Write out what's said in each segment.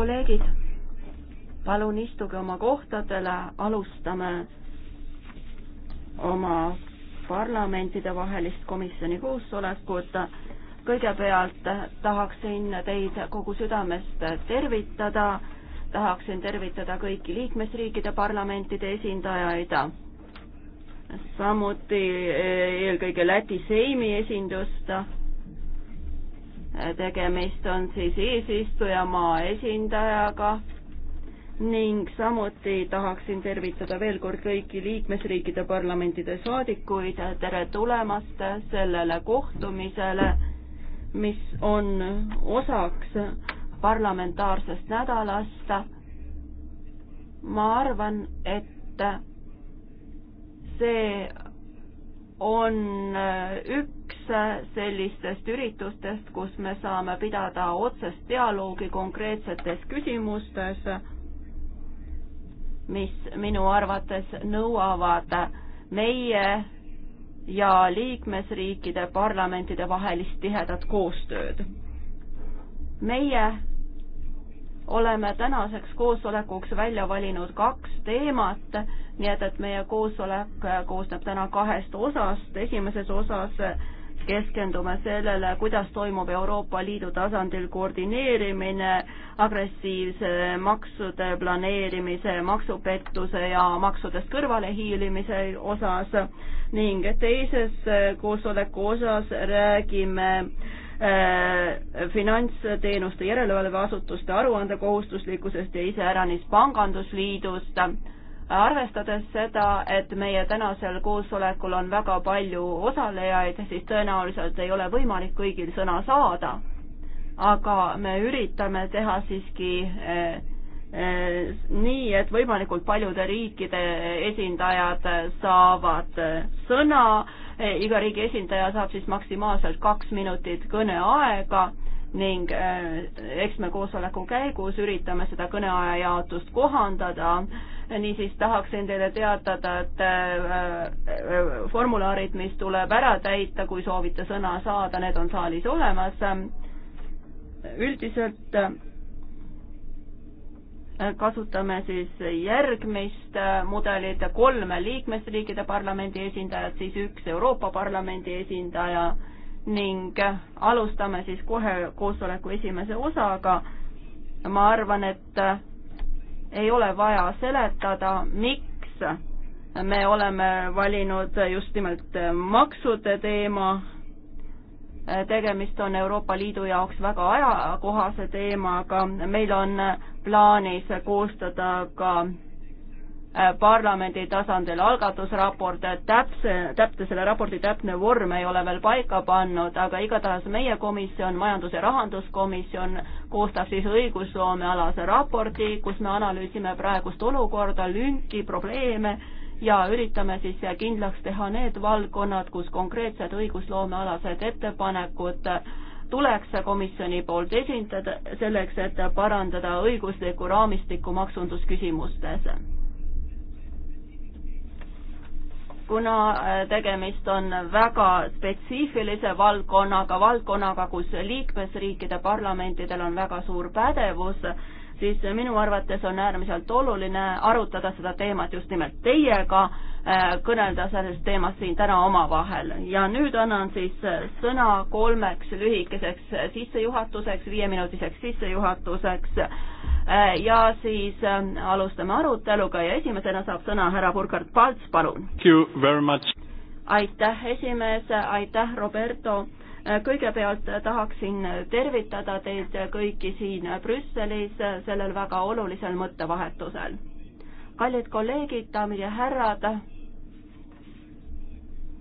kolleegid, palun istuge oma kohtadele, alustame oma parlamentidevahelist komisjoni koosolekut. kõigepealt tahaksin teid kogu südamest tervitada, tahaksin tervitada kõiki liikmesriikide parlamentide esindajaid, samuti eelkõige Läti Seimi esindust tegemist on siis eesistujamaa esindajaga ning samuti tahaksin tervitada veel kord kõiki liikmesriikide parlamentide saadikuid, tere tulemast sellele kohtumisele, mis on osaks parlamentaarsest nädalast. ma arvan, et see on üks sellistest üritustest, kus me saame pidada otsest dialoogi konkreetsetes küsimustes, mis minu arvates nõuavad meie ja liikmesriikide parlamentide vahelist tihedat koostööd. meie oleme tänaseks koosolekuks välja valinud kaks teemat, nii et, et meie koosolek koosneb täna kahest osast, esimeses osas keskendume sellele, kuidas toimub Euroopa Liidu tasandil koordineerimine agressiivse maksude planeerimise, maksupettuse ja maksudest kõrvalehiilimise osas ning teises koosoleku osas räägime äh, finantsteenuste järelevalveasutuste aruandekohustuslikkusest ja iseäranis pangandusliidust arvestades seda, et meie tänasel koosolekul on väga palju osalejaid, siis tõenäoliselt ei ole võimalik kõigil sõna saada. aga me üritame teha siiski eh, eh, nii, et võimalikult paljude riikide esindajad saavad sõna, eh, iga riigi esindaja saab siis maksimaalselt kaks minutit kõneaega ning eks me koosoleku käigus üritame seda kõneaja jaotust kohandada niisiis tahaksin teile teatada, et äh, äh, formulaarid, mis tuleb ära täita, kui soovite sõna saada, need on saalis olemas. üldiselt äh, kasutame siis järgmist mudelit, kolme liikmesriikide parlamendi esindajat, siis üks Euroopa Parlamendi esindaja ning alustame siis kohe koosoleku esimese osaga. ma arvan, et ei ole vaja seletada, miks me oleme valinud just nimelt maksude teema. tegemist on Euroopa Liidu jaoks väga ajakohase teemaga, meil on plaanis koostada ka Äh, parlamendi tasandil algatusraport, täpse, täpne, selle raporti täpne vorm ei ole veel paika pannud, aga igatahes meie komisjon, Majandus- ja Rahanduskomisjon, koostab siis õigusloomealase raporti, kus me analüüsime praegust olukorda, lünki, probleeme ja üritame siis kindlaks teha need valdkonnad, kus konkreetsed õigusloomealased ettepanekud tuleks komisjoni poolt esindada selleks, et parandada õiguslikku raamistikku maksundusküsimustes kuna äh, tegemist on väga spetsiifilise valdkonnaga, valdkonnaga, kus liikmesriikide parlamentidel on väga suur pädevus siis minu arvates on äärmiselt oluline arutada seda teemat just nimelt teiega, äh, kõnelda sellest teemast siin täna omavahel ja nüüd annan siis sõna kolmeks lühikeseks sissejuhatuseks, viieminutiseks sissejuhatuseks äh, ja siis ähm, alustame aruteluga ja esimesena saab sõna härra Burkhard Palts, palun. aitäh, esimees, aitäh, Roberto Äh, kõigepealt tahaksin tervitada teid kõiki siin Brüsselis sellel väga olulisel mõttevahetusel. kallid kolleegid, daamid ja härrad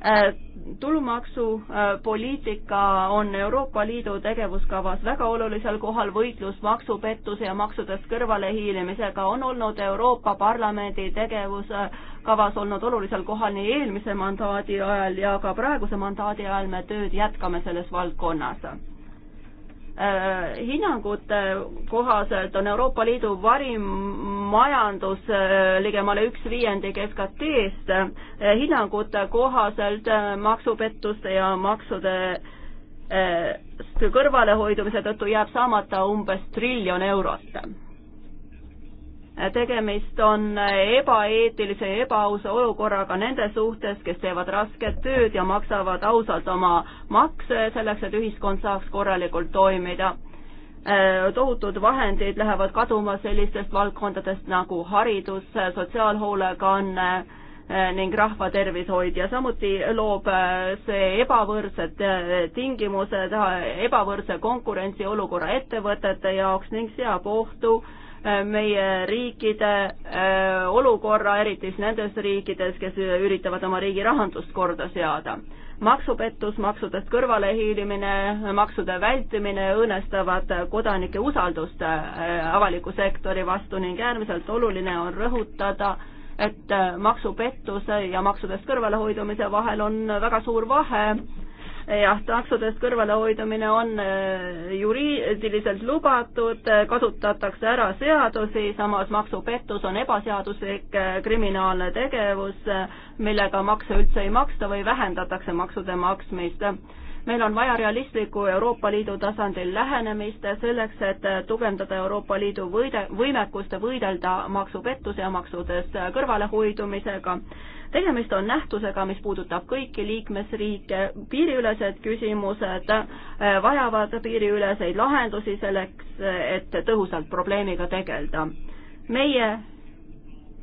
Äh, tulumaksupoliitika äh, on Euroopa Liidu tegevuskavas väga olulisel kohal, võitlus maksupettuse ja maksudest kõrvalehiilimisega on olnud Euroopa Parlamendi tegevuskavas olnud olulisel kohal nii eelmise mandaadi ajal ja ka praeguse mandaadi ajal me tööd jätkame selles valdkonnas Äh, hinnangute kohaselt on Euroopa Liidu varim majandus ligemale üks viiendik SKT-st. Äh, hinnangute kohaselt äh, maksupettuste ja maksude kõrvalehoidumise tõttu jääb saamata umbes triljon eurot tegemist on ebaeetilise ja ebaausa olukorraga nende suhtes, kes teevad rasket tööd ja maksavad ausalt oma makse selleks, et ühiskond saaks korralikult toimida. Äh, tohutud vahendid lähevad kaduma sellistest valdkondadest nagu haridus, sotsiaalhoolekanne äh, ning rahvatervishoid ja samuti loob äh, see ebavõrdsed tingimused, ebavõrdse konkurentsiolukorra ettevõtete jaoks ning seab ohtu äh, Äh, meie riikide äh, olukorra, eriti siis nendes riikides, kes üritavad oma riigi rahandust korda seada. maksupettus, maksudest kõrvalehiilimine, maksude vältimine õõnestavad kodanike usaldust äh, avaliku sektori vastu ning äärmiselt oluline on rõhutada, et maksupettuse ja maksudest kõrvalehoidumise vahel on väga suur vahe jah, taksodest kõrvalehoidumine on äh, juriidiliselt lubatud, äh, kasutatakse ära seadusi, samas maksupettus on ebaseaduslik äh, kriminaalne tegevus, millega makse üldse ei maksta või vähendatakse maksude maksmist meil on vaja realistlikku Euroopa Liidu tasandil lähenemist selleks, et tugevdada Euroopa Liidu võide, võimekust võidelda maksupettuse ja maksudest kõrvalehoidumisega. tegemist on nähtusega, mis puudutab kõiki liikmesriike, piiriülesed küsimused vajavad piiriüleseid lahendusi selleks, et tõhusalt probleemiga tegeleda. meie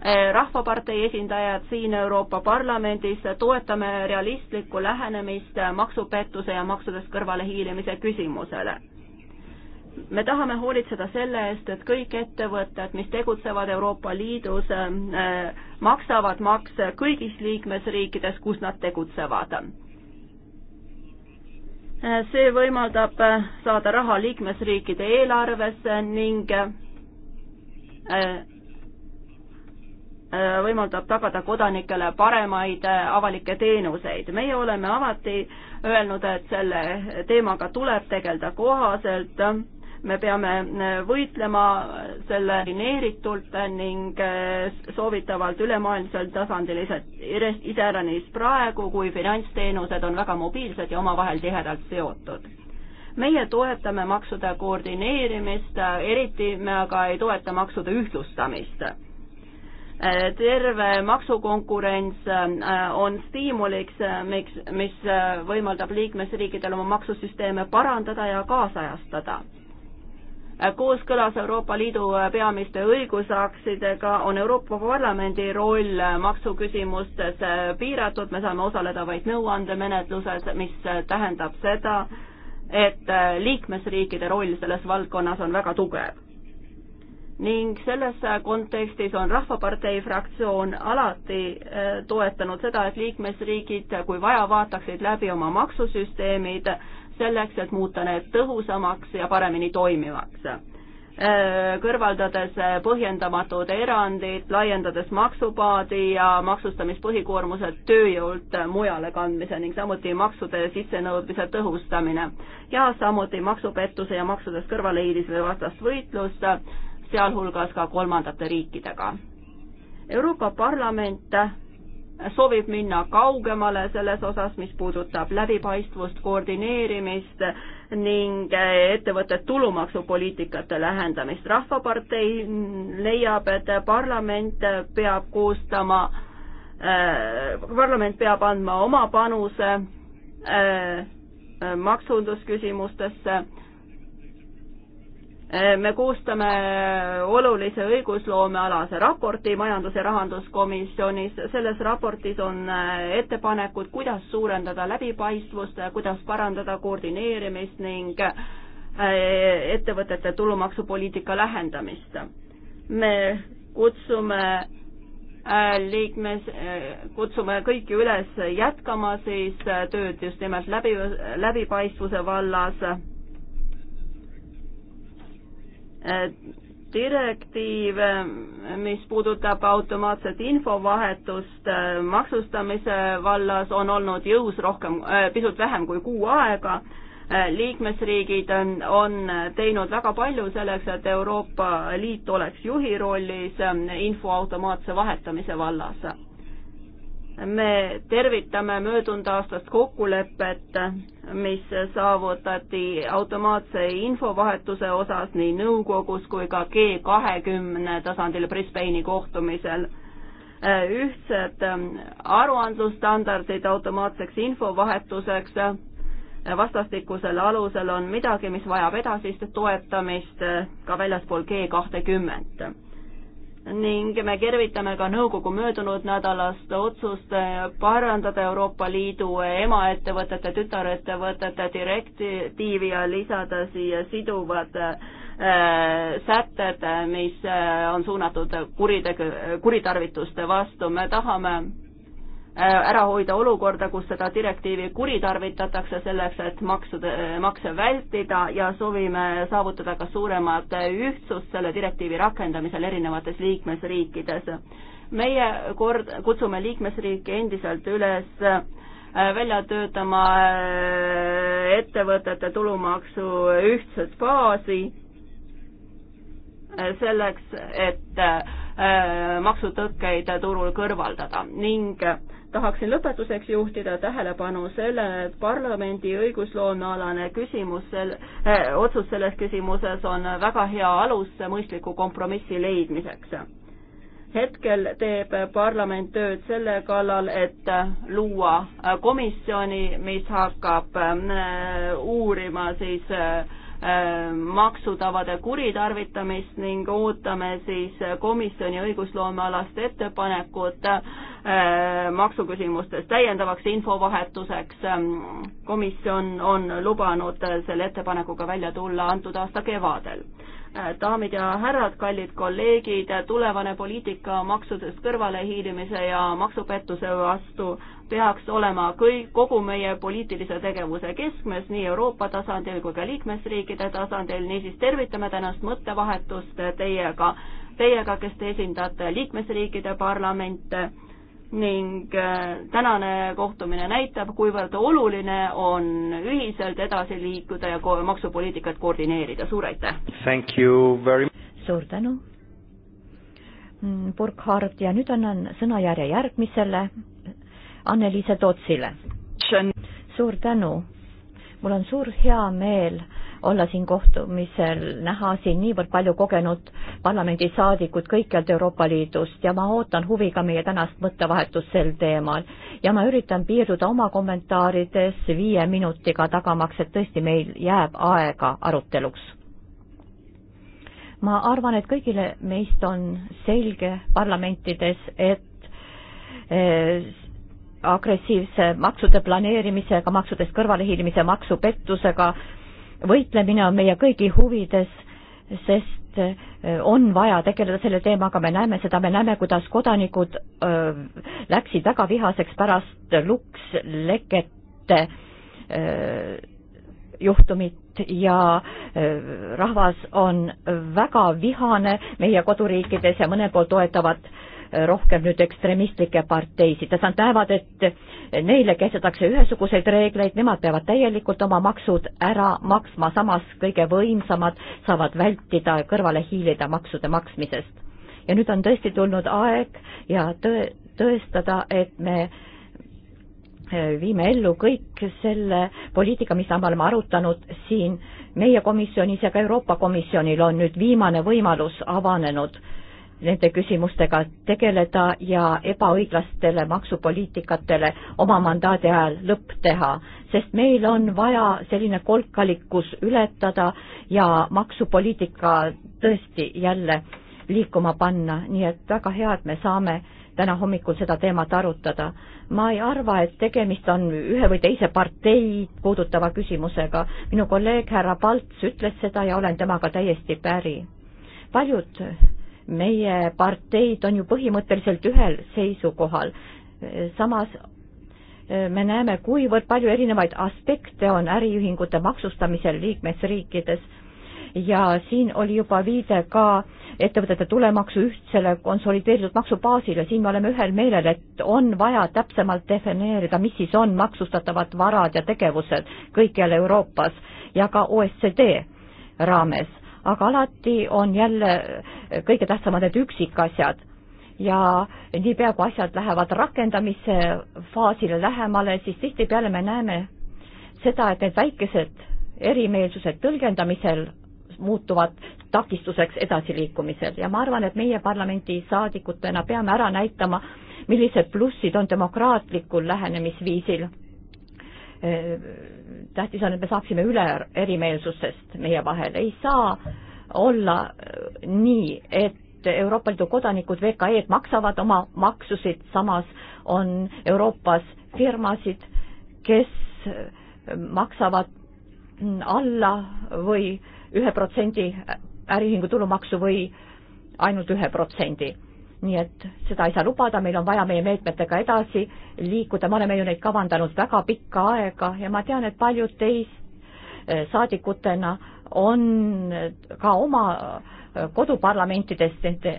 Eh, rahvapartei esindajad siin Euroopa Parlamendis toetame realistlikku lähenemist maksupettuse ja maksudest kõrvalehiilimise küsimusele. me tahame hoolitseda selle eest, et kõik ettevõtted, mis tegutsevad Euroopa Liidus, eh, maksavad makse kõigis liikmesriikides, kus nad tegutsevad eh, see võimaldab saada raha liikmesriikide eelarvesse ning Äh, võimaldab tagada kodanikele paremaid äh, avalikke teenuseid. meie oleme alati öelnud, et selle teemaga tuleb tegeleda kohaselt, me peame äh, võitlema selle lineeritult ning soovitavalt ülemaailmsel tasandil iseäranis praegu, kui finantsteenused on väga mobiilsed ja omavahel tihedalt seotud meie toetame maksude koordineerimist, eriti me aga ei toeta maksude ühtlustamist terve maksukonkurents äh, on stiimuliks, äh, miks, mis äh, võimaldab liikmesriikidel oma maksusüsteeme parandada ja kaasajastada kooskõlas Euroopa Liidu peamiste õigusaktidega on Euroopa Parlamendi roll maksuküsimustes piiratud, me saame osaleda vaid nõuandemenetluses, mis tähendab seda, et liikmesriikide roll selles valdkonnas on väga tugev ning selles kontekstis on Rahvapartei fraktsioon alati äh, toetanud seda, et liikmesriigid, kui vaja, vaataksid läbi oma maksusüsteemid selleks, et muuta need tõhusamaks ja paremini toimivaks. Äh, kõrvaldades põhjendamatud erandid, laiendades maksubaadi ja maksustamispõhikoormuse tööjõult mujale kandmise ning samuti maksude sissenõudmise tõhustamine ja samuti maksupettuse ja maksudest kõrvalehiilisuse vastast võitlust sealhulgas ka kolmandate riikidega. Euroopa Parlament soovib minna kaugemale selles osas, mis puudutab läbipaistvust, koordineerimist ning ettevõtte tulumaksupoliitikate lähendamist. rahvapartei leiab, et parlament peab koostama äh,, parlament peab andma oma panuse äh, maksundusküsimustesse äh, me koostame olulise õigusloomealase raporti Majandus- ja Rahanduskomisjonis. selles raportis on äh, ettepanekud, kuidas suurendada läbipaistvust, kuidas parandada koordineerimist ning äh, ettevõtete tulumaksupoliitika lähendamist. me kutsume äh, liikmes, kutsume kõiki üles jätkama siis tööd just nimelt läbi, läbipaistvuse vallas Äh, direktiiv, äh, mis puudutab automaatset infovahetust äh, maksustamise vallas, on olnud jõus rohkem, pisut vähem kui kuu aega. liikmesriigid on, on teinud väga palju selleks, et Euroopa Liit oleks juhi rollis info automaatse vahetamise vallas me tervitame möödunud aastast kokkulepet, mis saavutati automaatse infovahetuse osas nii nõukogus kui ka G kahekümne tasandil Brisbane'i kohtumisel. ühtsed aruandlusstandardid automaatseks infovahetuseks vastastikusel alusel on midagi, mis vajab edasist toetamist ka väljaspool G kahtekümmet ning me tervitame ka nõukogu möödunud nädalast otsust parandada Euroopa Liidu emaettevõtete, tütarettevõtete direktiivi ja lisada siia siduvad äh, sätted, mis äh, on suunatud kuritegu, kuritarvituste vastu, me tahame Äh, ära hoida olukorda, kus seda direktiivi kuritarvitatakse selleks, et maksude, makse vältida ja soovime saavutada ka suuremat ühtsust selle direktiivi rakendamisel erinevates liikmesriikides. meie kord, kutsume liikmesriike endiselt üles äh, välja töötama äh, ettevõtete tulumaksu ühtset baasi selleks, et Äh, maksutõkkeid turul kõrvaldada ning äh, tahaksin lõpetuseks juhtida tähelepanu sellele, et parlamendi õigusloomealane küsimus, äh, otsus selles küsimuses on väga hea alus mõistliku kompromissi leidmiseks. hetkel teeb parlament tööd selle kallal, et luua komisjoni, mis hakkab uurima siis Äh, maksutavade kuritarvitamist ning ootame siis komisjoni õigusloomealast ettepanekut äh, maksuküsimustes täiendavaks infovahetuseks. komisjon on lubanud selle ettepanekuga välja tulla antud aasta kevadel äh, daamid ja härrad, kallid kolleegid, tulevane poliitika maksudest kõrvalehiilimise ja maksupettuse vastu peaks olema kõik, kogu meie poliitilise tegevuse keskmes nii Euroopa tasandil kui ka liikmesriikide tasandil, niisiis tervitame tänast mõttevahetust teiega, teiega, kes te esindate liikmesriikide parlamente ning äh, tänane kohtumine näitab, kuivõrd oluline on ühiselt edasi liikuda ja maksupoliitikat koordineerida, suur aitäh! suur tänu! Mm, Burkhard ja nüüd annan sõnajärje järgmisele Anneliise Tootsile. suur tänu. mul on suur hea meel olla siin kohtumisel, näha siin niivõrd palju kogenud parlamendisaadikud kõikjalt Euroopa Liidust ja ma ootan huviga meie tänast mõttevahetust sel teemal. ja ma üritan piirduda oma kommentaarides viie minutiga, tagamaks, et tõesti meil jääb aega aruteluks. ma arvan, et kõigile meist on selge parlamentides, et eh, agressiivse maksude planeerimisega, maksudest kõrvalehiilimise, maksupettusega võitlemine on meie kõigi huvides, sest eh, on vaja tegeleda selle teemaga, me näeme seda, me näeme, kuidas kodanikud öö, eh, läksid väga vihaseks pärast lukslekete eh, juhtumit ja öö, rahvas on väga vihane meie koduriikides ja mõnel pool toetavad öö, rohkem nüüd ekstremistlikke parteisid, nad näevad, et neile kehtestatakse ühesuguseid reegleid, nemad peavad täielikult oma maksud ära maksma, samas kõige võimsamad saavad vältida, kõrvale hiilida maksude maksmisest. ja nüüd on tõesti tulnud aeg ja tõe, tõestada, et me e, viime ellu kõik selle poliitika, mis me oleme arutanud siin meie komisjonis ja ka Euroopa Komisjonil on nüüd viimane võimalus avanenud nende küsimustega tegeleda ja ebaõiglastele maksupoliitikatele oma mandaadi ajal lõpp teha, sest meil on vaja selline kolkalikus ületada ja maksupoliitika tõesti jälle liikuma panna, nii et väga hea, et me saame täna hommikul seda teemat arutada. ma ei arva, et tegemist on ühe või teise partei puudutava küsimusega. minu kolleeg härra Palts ütles seda ja olen temaga täiesti päri. paljud meie parteid on ju põhimõtteliselt ühel seisukohal. samas eh, me näeme, kuivõrd palju erinevaid aspekte on äriühingute maksustamisel liikmesriikides ja siin oli juba viide ka ettevõtete tulemaksu ühtsele konsolideeritud maksubaasile, siin me oleme ühel meelel, et on vaja täpsemalt defineerida, mis siis on maksustatavad varad ja tegevused kõikjal Euroopas ja ka OSCD raames aga alati on jälle kõige tähtsamad need üksikasjad ja niipea, kui asjad lähevad rakendamise faasile lähemale, siis tihtipeale me näeme seda, et need väikesed erimeelsused tõlgendamisel muutuvad takistuseks edasiliikumisel ja ma arvan, et meie parlamendi saadikutena peame ära näitama, millised plussid on demokraatlikul lähenemisviisil Äh, tähtis on, et me saaksime üle erimeelsustest meie vahel, ei saa olla äh, nii, et Euroopa Liidu kodanikud, VKE-d maksavad oma maksusid, samas on Euroopas firmasid, kes äh, maksavad mm, alla või ühe protsendi äriühingu tulumaksu või ainult ühe protsendi nii et seda ei saa lubada, meil on vaja meie meetmetega edasi liikuda, me oleme ju neid kavandanud väga pikka aega ja ma tean, et paljud teist eh, saadikutena on eh, ka oma eh, koduparlamentidest nende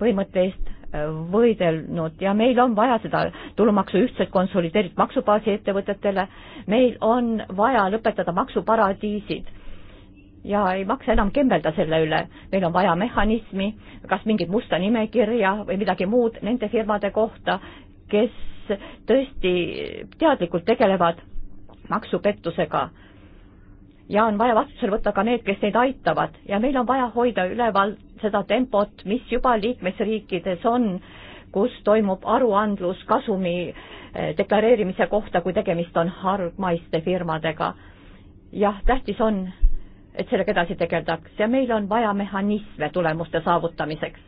põhimõtte eest võidelnud ja meil on vaja seda tulumaksu ühtset konsolideeritud maksubaasi ettevõtetele, meil on vaja lõpetada maksuparadiisid ja ei maksa enam kembelda selle üle, meil on vaja mehhanismi, kas mingit musta nimekirja või midagi muud nende firmade kohta, kes tõesti teadlikult tegelevad maksupettusega. ja on vaja vastutusele võtta ka need, kes neid aitavad ja meil on vaja hoida üleval seda tempot, mis juba liikmesriikides on, kus toimub aruandlus kasumi eh, deklareerimise kohta, kui tegemist on hargmaiste firmadega. jah, tähtis on et sellega edasi tegeldaks ja meil on vaja mehhanisme tulemuste saavutamiseks.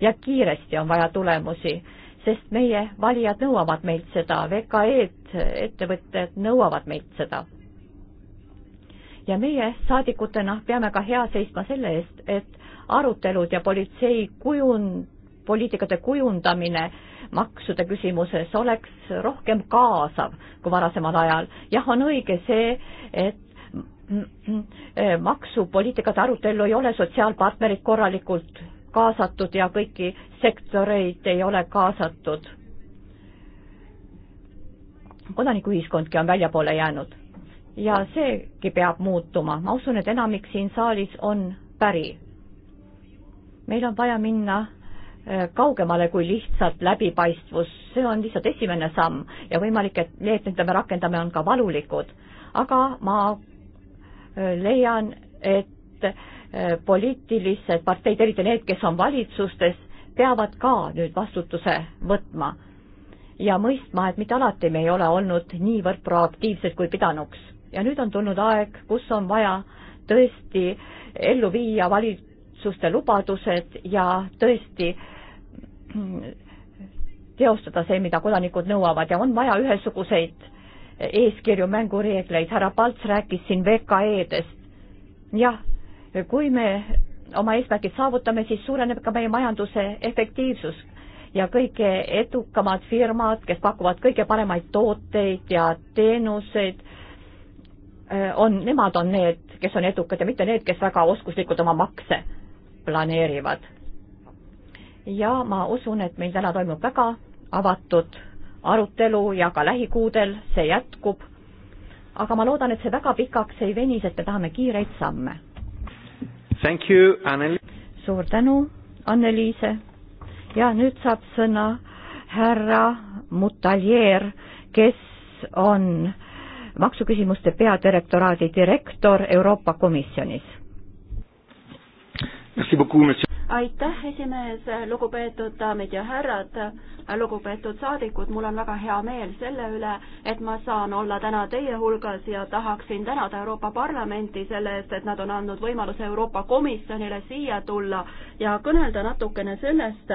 ja kiiresti on vaja tulemusi, sest meie valijad nõuavad meilt seda, VKE-d, ettevõtted nõuavad meilt seda. ja meie saadikutena peame ka hea seisma selle eest, et arutelud ja politsei kujund, poliitikate kujundamine maksude küsimuses oleks rohkem kaasav kui varasemal ajal. jah, on õige see, et Äh, maksupoliitikate arutellu ei ole sotsiaalpartnerid korralikult kaasatud ja kõiki sektoreid ei ole kaasatud. kodanikuühiskondki on väljapoole jäänud ja seegi peab muutuma. ma usun, et enamik siin saalis on päri. meil on vaja minna äh, kaugemale kui lihtsalt läbipaistvus, see on lihtsalt esimene samm ja võimalik, et meetmed, mida me rakendame, on ka valulikud. aga ma leian, et äh, poliitilised parteid, eriti need, kes on valitsustes, peavad ka nüüd vastutuse võtma ja mõistma, et mitte alati me ei ole olnud niivõrd proaktiivsed kui pidanuks. ja nüüd on tulnud aeg, kus on vaja tõesti ellu viia valitsuste lubadused ja tõesti mm, teostada see, mida kodanikud nõuavad ja on vaja ühesuguseid eeskirju, mängureegleid, härra Palts rääkis siin VKE-dest. jah, kui me oma eesmärgid saavutame, siis suureneb ka meie majanduse efektiivsus ja kõige edukamad firmad, kes pakuvad kõige paremaid tooteid ja teenuseid, on, nemad on need, kes on edukad ja mitte need, kes väga oskuslikult oma makse planeerivad. ja ma usun, et meil täna toimub väga avatud arutelu ja ka lähikuudel see jätkub. aga ma loodan, et see väga pikaks ei veni, sest me tahame kiireid samme. Thank you, Anneli. suur tänu, Anneliise. ja nüüd saab sõna härra Mutaljeer, kes on maksuküsimuste peadirektoraadi direktor Euroopa Komisjonis aitäh, esimees, lugupeetud daamid ja härrad, lugupeetud saadikud, mul on väga hea meel selle üle, et ma saan olla täna teie hulgas ja tahaksin tänada Euroopa Parlamenti selle eest, et nad on andnud võimaluse Euroopa Komisjonile siia tulla ja kõnelda natukene sellest,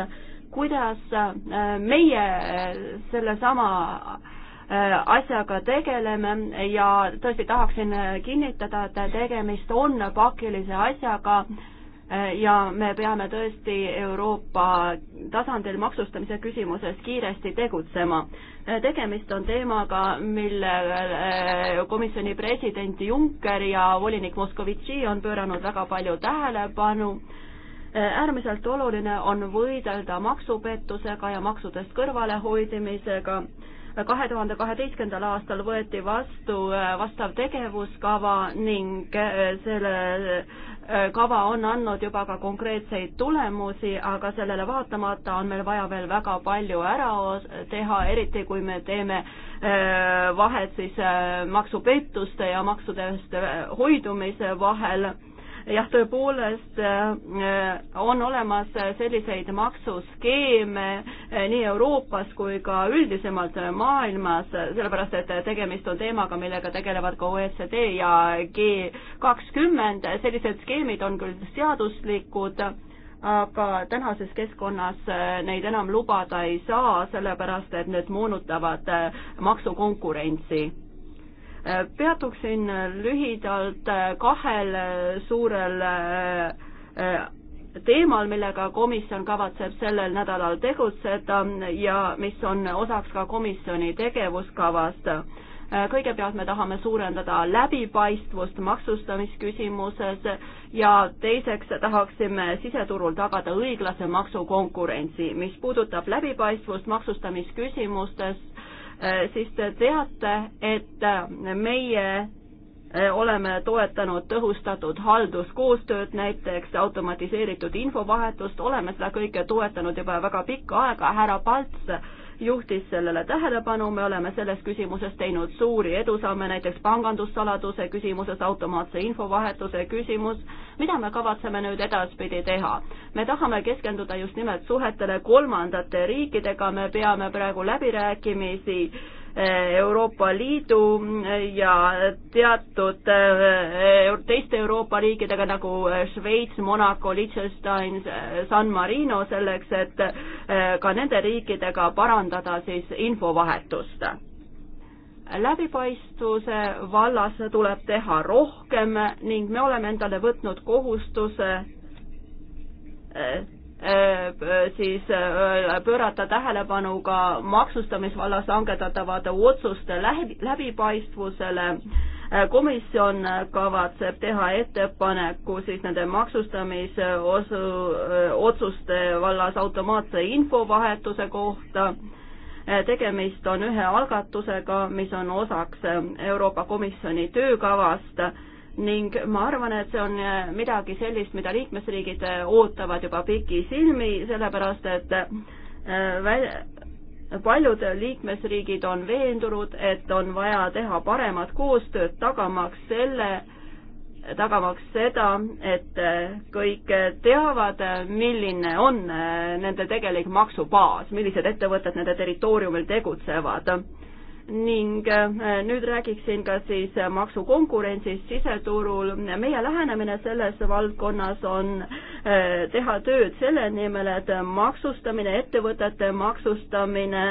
kuidas äh, meie äh, sellesama äh, asjaga tegeleme ja tõesti tahaksin kinnitada, et tegemist on pakilise asjaga Äh, ja me peame tõesti Euroopa tasandil maksustamise küsimuses kiiresti tegutsema. Äh, tegemist on teemaga, mille äh, komisjoni president Juncker ja volinik Moskovitši on pööranud väga palju tähelepanu. äärmiselt oluline on võidelda maksupettusega ja maksudest kõrvalehoidmisega kahe tuhande kaheteistkümnendal aastal võeti vastu vastav tegevuskava ning selle Äh, kava on andnud juba ka konkreetseid tulemusi, aga sellele vaatamata on meil vaja veel väga palju ära teha, eriti kui me teeme äh, vahet siis äh, maksupettuste ja maksudest hoidumise vahel jah, tõepoolest äh, on olemas selliseid maksuskeeme äh, nii Euroopas kui ka üldisemalt maailmas, sellepärast et tegemist on teemaga, millega tegelevad ka OECD ja G kakskümmend, sellised skeemid on küll seaduslikud, aga tänases keskkonnas äh, neid enam lubada ei saa, sellepärast et need moonutavad maksukonkurentsi peatuksin lühidalt kahel suurel äh, teemal, millega komisjon kavatseb sellel nädalal tegutseda ja mis on osaks ka komisjoni tegevuskavast. Äh, kõigepealt me tahame suurendada läbipaistvust maksustamisküsimuses ja teiseks tahaksime siseturul tagada õiglase maksukonkurentsi. mis puudutab läbipaistvust maksustamisküsimustes, Äh, siis te teate, et äh, meie äh, oleme toetanud tõhustatud halduskoostööd, näiteks automatiseeritud infovahetust, oleme seda kõike toetanud juba väga pikka aega, härra Palts juhtis sellele tähelepanu, me oleme selles küsimuses teinud suuri edusamme, näiteks pangandussaladuse küsimuses, automaatse infovahetuse küsimus, mida me kavatseme nüüd edaspidi teha? me tahame keskenduda just nimelt suhetele kolmandate riikidega, me peame praegu läbirääkimisi Euroopa Liidu ja teatud eh, teiste Euroopa riikidega nagu Šveits, Monaco, Liechtenstein, San Marino, selleks et eh, ka nende riikidega parandada siis infovahetust. läbipaistvuse vallas tuleb teha rohkem ning me oleme endale võtnud kohustuse eh, Äh, siis äh, pöörata tähelepanu ka maksustamisvallas langetatavate otsuste läbi, läbipaistvusele. Äh, komisjon kavatseb teha ettepaneku siis nende maksustamise osu, otsuste vallas automaatse infovahetuse kohta tegemist on ühe algatusega, mis on osaks Euroopa Komisjoni töökavast ning ma arvan, et see on äh, midagi sellist, mida liikmesriigid äh, ootavad juba pikisilmi, sellepärast et äh, paljud liikmesriigid on veendunud, et on vaja teha paremat koostööd, tagamaks selle, tagamaks seda, et kõik teavad, milline on nende tegelik maksubaas, millised ettevõtted nende territooriumil tegutsevad ning äh, nüüd räägiksin ka siis äh, maksukonkurentsist siseturul. meie lähenemine selles valdkonnas on äh, teha tööd selle nimel, et maksustamine, ettevõtete maksustamine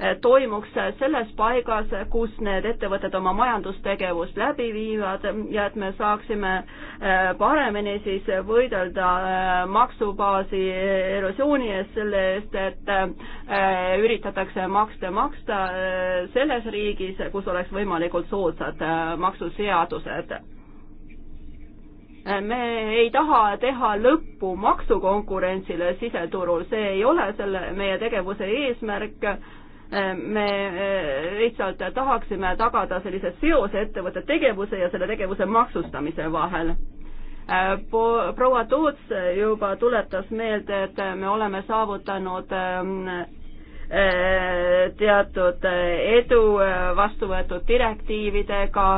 Äh, toimuks selles paigas, kus need ettevõtted oma majandustegevust läbi viivad ja et me saaksime äh, paremini siis võidelda äh, maksubaasi erosiooni eest, selle eest, et üritatakse maksta, maksta selles riigis, kus oleks võimalikult soodsad maksuseadused me ei taha teha lõppu maksukonkurentsile siseturul, see ei ole selle meie tegevuse eesmärk me e, lihtsalt tahaksime tagada sellise seose ettevõtte tegevuse ja selle tegevuse maksustamise vahel. E, proua Toots juba tuletas meelde, et me oleme saavutanud e, teatud edu vastu võetud direktiividega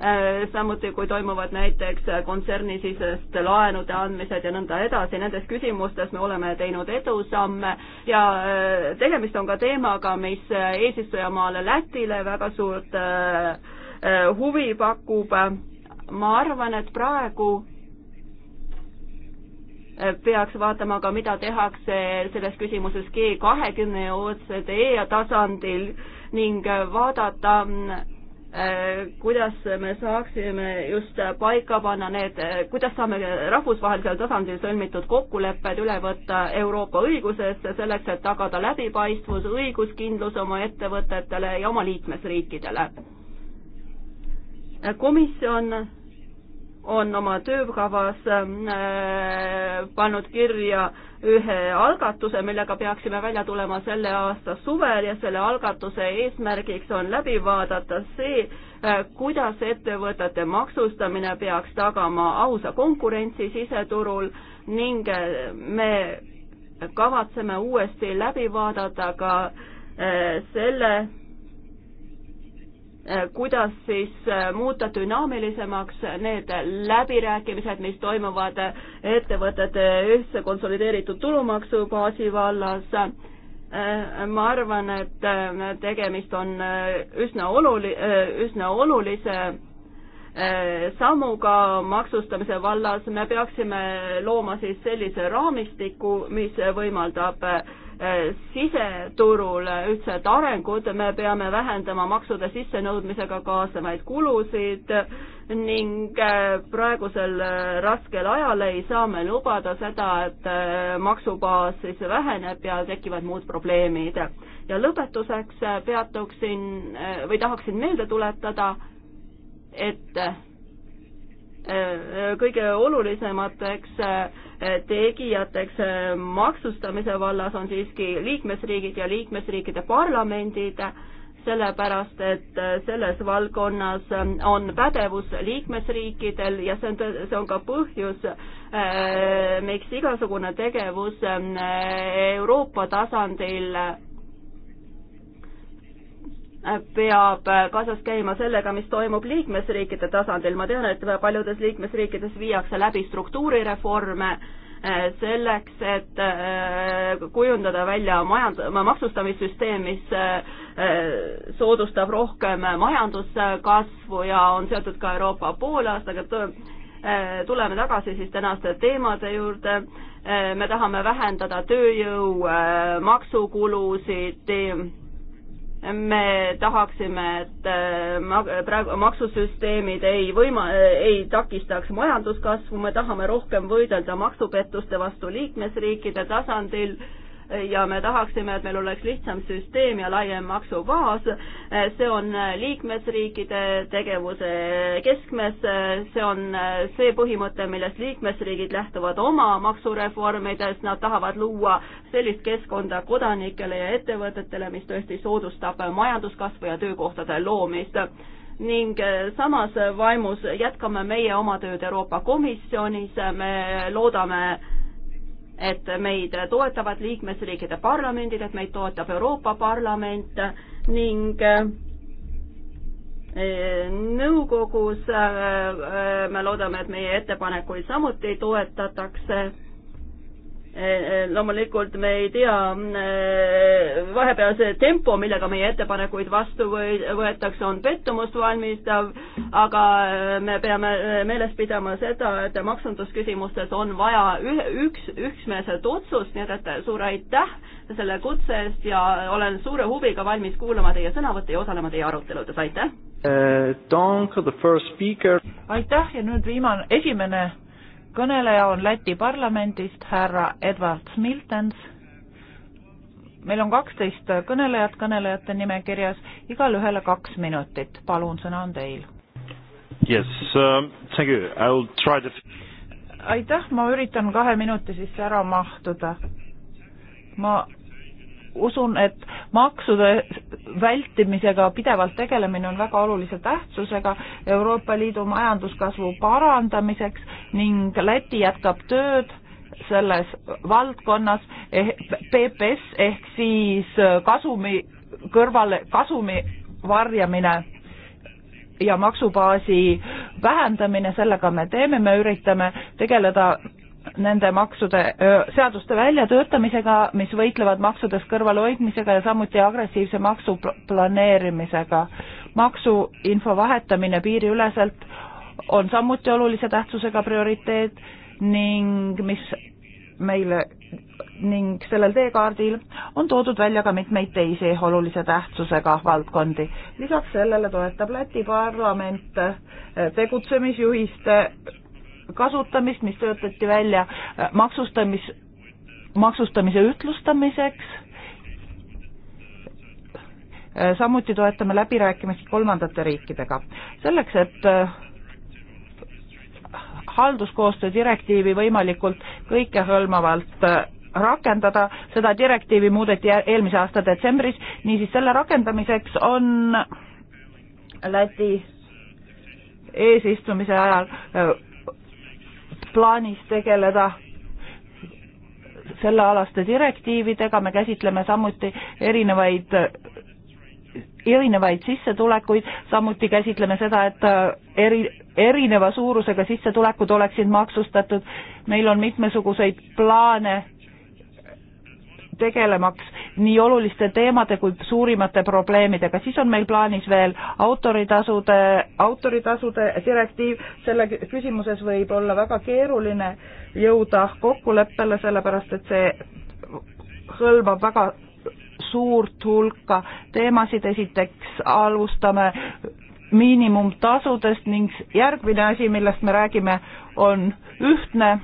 Äh, samuti kui toimuvad näiteks kontsernisiseste laenude andmised ja nõnda edasi, nendes küsimustes me oleme teinud edusamme ja äh, tegemist on ka teemaga, mis eesistujamaale Lätile väga suurt äh, huvi pakub. ma arvan, et praegu peaks vaatama ka, mida tehakse selles küsimuses G kahekümne ja OCDE tasandil ning vaadata mm, Äh, kuidas me saaksime just paika panna need, äh, kuidas saame rahvusvahelisel tasandil sõlmitud kokkulepped üle võtta Euroopa õigusesse, selleks et tagada läbipaistvus, õiguskindlus oma ettevõtetele ja oma liikmesriikidele. Äh, komisjon on oma töökavas pannud kirja äh, ühe algatuse, millega peaksime välja tulema selle aasta suvel ja selle algatuse eesmärgiks on läbi vaadata see, äh, kuidas ettevõtete maksustamine peaks tagama ausa konkurentsi siseturul ning äh, me kavatseme uuesti läbi vaadata ka äh, selle Äh, kuidas siis äh, muuta dünaamilisemaks need läbirääkimised, mis toimuvad äh, ettevõtete ühtse konsolideeritud tulumaksubaasi vallas. ma arvan, et tegemist on üsna oluli-, üsna olulise sammuga maksustamise vallas me peaksime looma siis sellise raamistiku, mis võimaldab äh, Äh, siseturul ühtset arengut, me peame vähendama maksude sissenõudmisega kaasnevaid kulusid ning äh, praegusel äh, raskel ajal ei saa me lubada seda, et maksubaas siis väheneb ja tekivad muud probleemid. ja lõpetuseks peatuksin või tahaksin meelde tuletada, et kõige olulisemateks tegijateks äh, maksustamise vallas on siiski liikmesriigid ja liikmesriikide parlamendid, sellepärast et äh, selles valdkonnas äh, on pädevus liikmesriikidel ja see on, see on ka põhjus, miks igasugune tegevus Euroopa tasandil peab kaasas käima sellega, mis toimub liikmesriikide tasandil. ma tean, et paljudes liikmesriikides viiakse läbi struktuurireforme eh, selleks, et eh, kujundada välja majand-, maksustamissüsteem, mis eh, soodustab rohkem majanduskasvu ja on seotud ka Euroopa poolaastaga tuleme tagasi siis tänaste teemade juurde. me tahame vähendada tööjõu maksukulusid me tahaksime, et äh, praegu maksusüsteemid ei võima-, ei takistaks majanduskasvu, me tahame rohkem võidelda maksupettuste vastu liikmesriikide tasandil ja me tahaksime, et meil oleks lihtsam süsteem ja laiem maksubaas. see on liikmesriikide tegevuse keskmes, see on see põhimõte, millest liikmesriigid lähtuvad oma maksureformides, nad tahavad luua sellist keskkonda kodanikele ja ettevõtetele, mis tõesti soodustab majanduskasvu ja töökohtade loomist ning samas vaimus jätkame meie oma tööd Euroopa Komisjonis, me loodame et meid toetavad liikmesriikide parlamendid, et meid toetab Euroopa Parlament ning eh, nõukogus eh, eh, me loodame, et meie ettepanekuid samuti toetatakse Eh, loomulikult me ei tea eh, vahepealse tempo, millega meie ettepanekuid vastu või võetakse, on pettumust valmistav, aga eh, me peame meeles pidama seda, et maksundusküsimustes on vaja ühe, üks, üksmeelset otsust, nii et, et suur aitäh selle kutse eest ja olen suure huviga valmis kuulama teie sõnavõtte ja osalema teie aruteludes, aitäh! aitäh ja nüüd viimane, esimene kõneleja on Läti parlamendist härra Edvard Smiltens. meil on kaksteist kõnelejat kõnelejate nimekirjas, igale ühele kaks minutit, palun, sõna on teil. Yes uh,, thank you, I will try to aitäh, ma üritan kahe minuti sisse ära mahtuda. ma usun, et maksude vältimisega pidevalt tegelemine on väga olulise tähtsusega Euroopa Liidu majanduskasvu parandamiseks ning Läti jätkab tööd selles valdkonnas eh, PPS ehk siis kasumi kõrvale, kasumi varjamine ja maksubaasi vähendamine, sellega me teeme, me üritame tegeleda nende maksude, seaduste väljatöötamisega, mis võitlevad maksudest kõrvalhoidmisega ja samuti agressiivse maksu planeerimisega. maksuinfo vahetamine piiriüleselt on samuti olulise tähtsusega prioriteet ning mis meile ning sellel teekaardil on toodud välja ka mitmeid teisi olulise tähtsusega valdkondi. lisaks sellele toetab Läti parlament äh, tegutsemisjuhiste kasutamist, mis töötati välja äh, maksustamis, maksustamise ühtlustamiseks. Äh, samuti toetame läbirääkimisi kolmandate riikidega. selleks, et äh, halduskoostöö direktiivi võimalikult kõikehõlmavalt rakendada, seda direktiivi muudeti eelmise aasta detsembris, niisiis selle rakendamiseks on Läti eesistumise ajal plaanis tegeleda sellealaste direktiividega, me käsitleme samuti erinevaid, erinevaid sissetulekuid, samuti käsitleme seda, et eri, erineva suurusega sissetulekud oleksid maksustatud, meil on mitmesuguseid plaane tegelemaks nii oluliste teemade kui suurimate probleemidega, siis on meil plaanis veel autoritasude, autoritasude direktiiv, selle küsimuses võib olla väga keeruline jõuda kokkuleppele, sellepärast et see hõlmab väga suurt hulka teemasid, esiteks alustame miinimumtasudest ning järgmine asi, millest me räägime, on ühtne,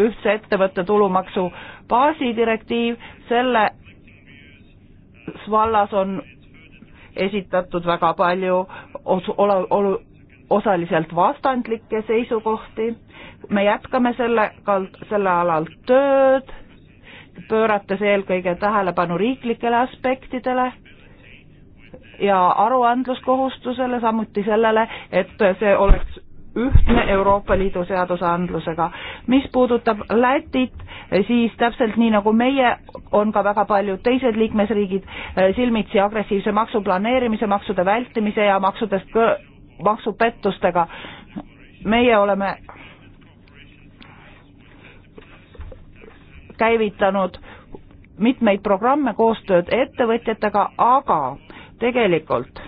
ühtse ettevõtte tulumaksu äh, baasidirektiiv, selles vallas on esitatud väga palju os-, olu-, olu-, osaliselt vastandlikke seisukohti, me jätkame selle kald-, selle alal tööd, pöörates eelkõige tähelepanu riiklikele aspektidele ja aruandluskohustusele, samuti sellele, et see oleks ühtne Euroopa Liidu seadusandlusega. mis puudutab Lätit, siis täpselt nii nagu meie, on ka väga paljud teised liikmesriigid eh, silmitsi agressiivse maksuplaneerimise, maksude vältimise ja maksudest, maksupettustega. meie oleme käivitanud mitmeid programme koostööd ettevõtjatega, aga tegelikult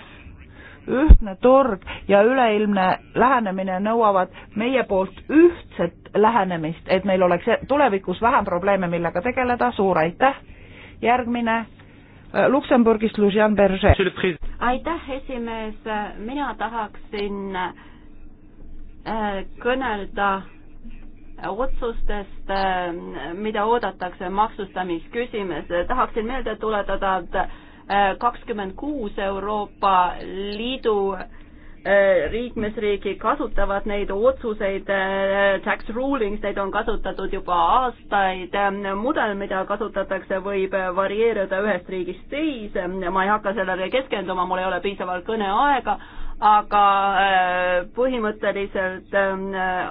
ühtne turg ja üleilmne lähenemine nõuavad meie poolt ühtset lähenemist, et meil oleks tulevikus vähem probleeme, millega tegeleda, suur aitäh, järgmine äh, Luksemburgist Lucian Berger. aitäh, esimees, mina tahaksin äh, kõnelda otsustest, äh, mida oodatakse maksustamisküsimus, tahaksin meelde tuletada, et Äh, kakskümmend kuus Euroopa Liidu äh, liikmesriigi kasutavad neid otsuseid, äh, tax rulings, neid on kasutatud juba aastaid, mudel, mida kasutatakse, võib varieeruda ühest riigist teise, ma ei hakka sellele keskenduma, mul ei ole piisavalt kõneaega, aga põhimõtteliselt ähm,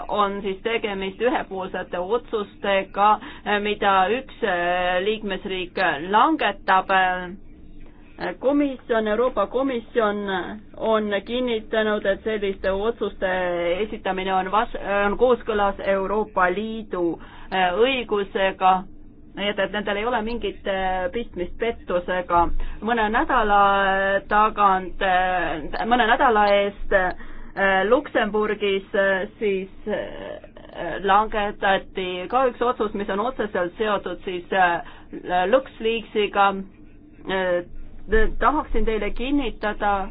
on siis tegemist ühepoolsete otsustega, mida üks liikmesriik langetab komisjon, Euroopa Komisjon on kinnitanud, et selliste otsuste esitamine on vas-, on kooskõlas Euroopa Liidu äh, õigusega, nii et, et nendel ei ole mingit äh, pistmist pettusega. mõne nädala äh, tagant, mõne nädala eest Luksemburgis siis langetati ka üks otsus, mis on otseselt seotud siis LuxLeaksiga, tahaksin teile kinnitada,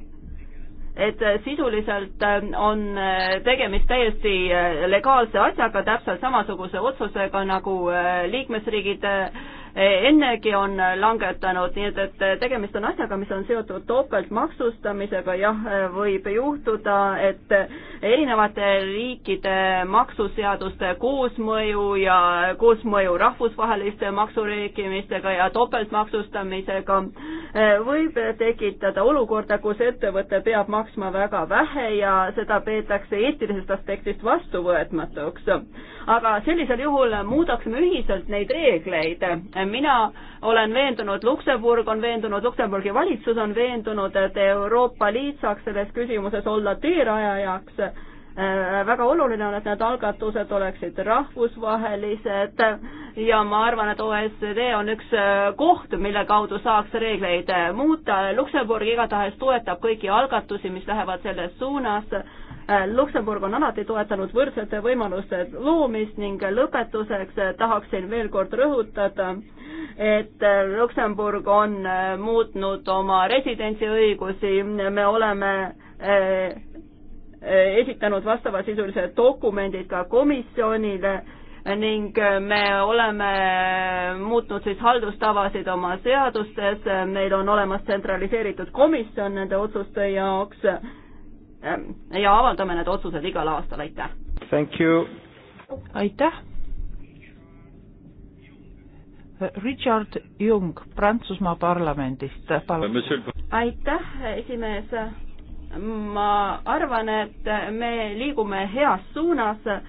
et sisuliselt äh, on äh, tegemist täiesti äh, legaalse asjaga, täpselt samasuguse otsusega nagu liikmesriigid ennegi on langetanud, nii et, et tegemist on asjaga, mis on seotud topeltmaksustamisega, jah, võib juhtuda, et erinevate riikide maksuseaduste koosmõju ja koosmõju rahvusvaheliste maksureegimistega ja topeltmaksustamisega eh, võib tekitada olukorda, kus ettevõte peab maksma väga vähe ja seda peetakse eetilisest aspektist vastuvõetmatuks. aga sellisel juhul muudaksime ühiselt neid reegleid, mina olen veendunud, Luksemburg on veendunud, Luksemburgi valitsus on veendunud, et Euroopa Liit saaks selles küsimuses olla teerajajaks. Äh, väga oluline on, et need algatused oleksid rahvusvahelised ja ma arvan, et OSCD on üks äh, koht, mille kaudu saaks reegleid äh, muuta. Luksemburg igatahes toetab kõiki algatusi, mis lähevad selles suunas Äh, Luksemburg on alati toetanud võrdsete võimaluste loomist ning lõpetuseks äh, tahaksin veel kord rõhutada, et äh, Luksemburg on muutnud oma residentsiõigusi, me oleme esitanud vastavasisulised dokumendid ka komisjonile ning me oleme muutnud siis haldustavasid oma seadustes, meil on olemas tsentraliseeritud komisjon nende otsuste jaoks Äh, ja avaldame need otsused igal aastal, aitäh! aitäh! Richard Jung Prantsusmaa parlamendist, palun! aitäh, esimees! ma arvan, et me liigume heas suunas äh,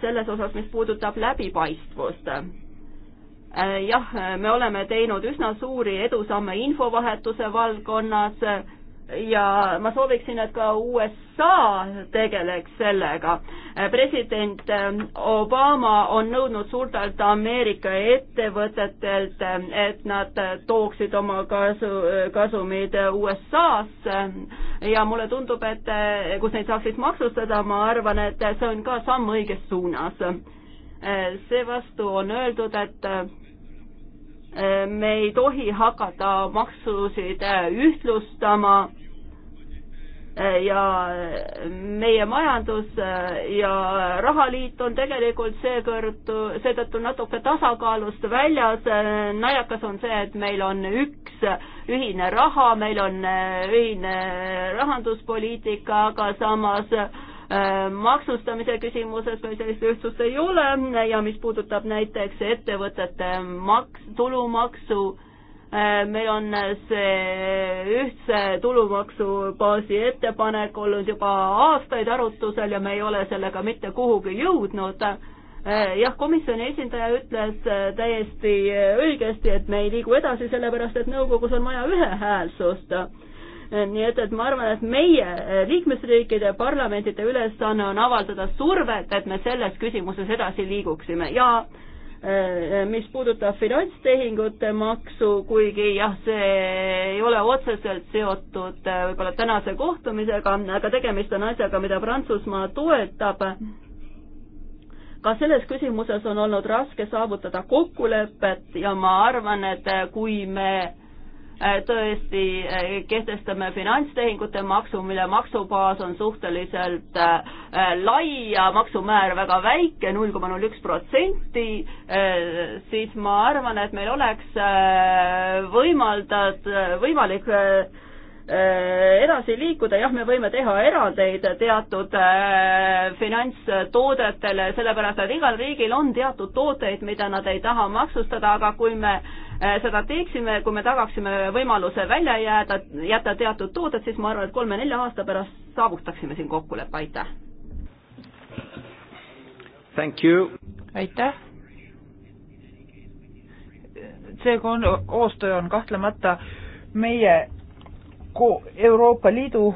selles osas, mis puudutab läbipaistvust. Äh, jah, me oleme teinud üsna suuri edusamme infovahetuse valdkonnas ja ma sooviksin, et ka USA tegeleks sellega. president ähm, Obama on nõudnud suurtelt Ameerika ettevõtetelt, et nad tooksid oma kasu, kasumid USA-sse ja mulle tundub, et äh, kus neid saaks siis maksustada, ma arvan, et see on ka samm õiges suunas. Äh, seevastu on öeldud, et äh, me ei tohi hakata maksusid äh, ühtlustama äh, ja äh, meie majandus ja rahaliit on tegelikult seekõrtu, seetõttu natuke tasakaalust väljas. naljakas on see, et meil on üks ühine raha, meil on ühine rahanduspoliitika, aga samas äh, Äh, maksustamise küsimuses meil sellist ühtsust ei ole ja mis puudutab näiteks ettevõtete maks, tulumaksu, äh, meil on see ühtse tulumaksubaasi ettepanek olnud juba aastaid arutusel ja me ei ole sellega mitte kuhugi jõudnud. Äh, jah, komisjoni esindaja ütles täiesti õigesti, et me ei liigu edasi, sellepärast et nõukogus on vaja ühehäälsust nii et, et ma arvan, et meie eh, liikmesriikide parlamentide ülesanne on avaldada survet, et me selles küsimuses edasi liiguksime ja eh, mis puudutab finantstehingute maksu, kuigi jah, see ei ole otseselt seotud eh, võib-olla tänase kohtumisega, aga tegemist on asjaga, mida Prantsusmaa toetab. ka selles küsimuses on olnud raske saavutada kokkulepet ja ma arvan, et kui me Äh, tõesti äh, kehtestame finantstehingute maksu, mille maksubaas on suhteliselt äh, lai ja maksumäär väga väike, null koma null üks protsenti, siis ma arvan, et meil oleks võimaldad, võimalik edasi liikuda, jah, me võime teha erandeid teatud finantstoodetele, sellepärast et igal riigil on teatud tooteid, mida nad ei taha maksustada, aga kui me äh, Äh, seda teeksime, kui me tagaksime võimaluse välja jääda, jätta teatud tooted, siis ma arvan, et kolme-nelja aasta pärast saavutaksime siin kokkuleppe, aitäh. aitäh. see koostöö on kahtlemata meie ko-, Euroopa Liidu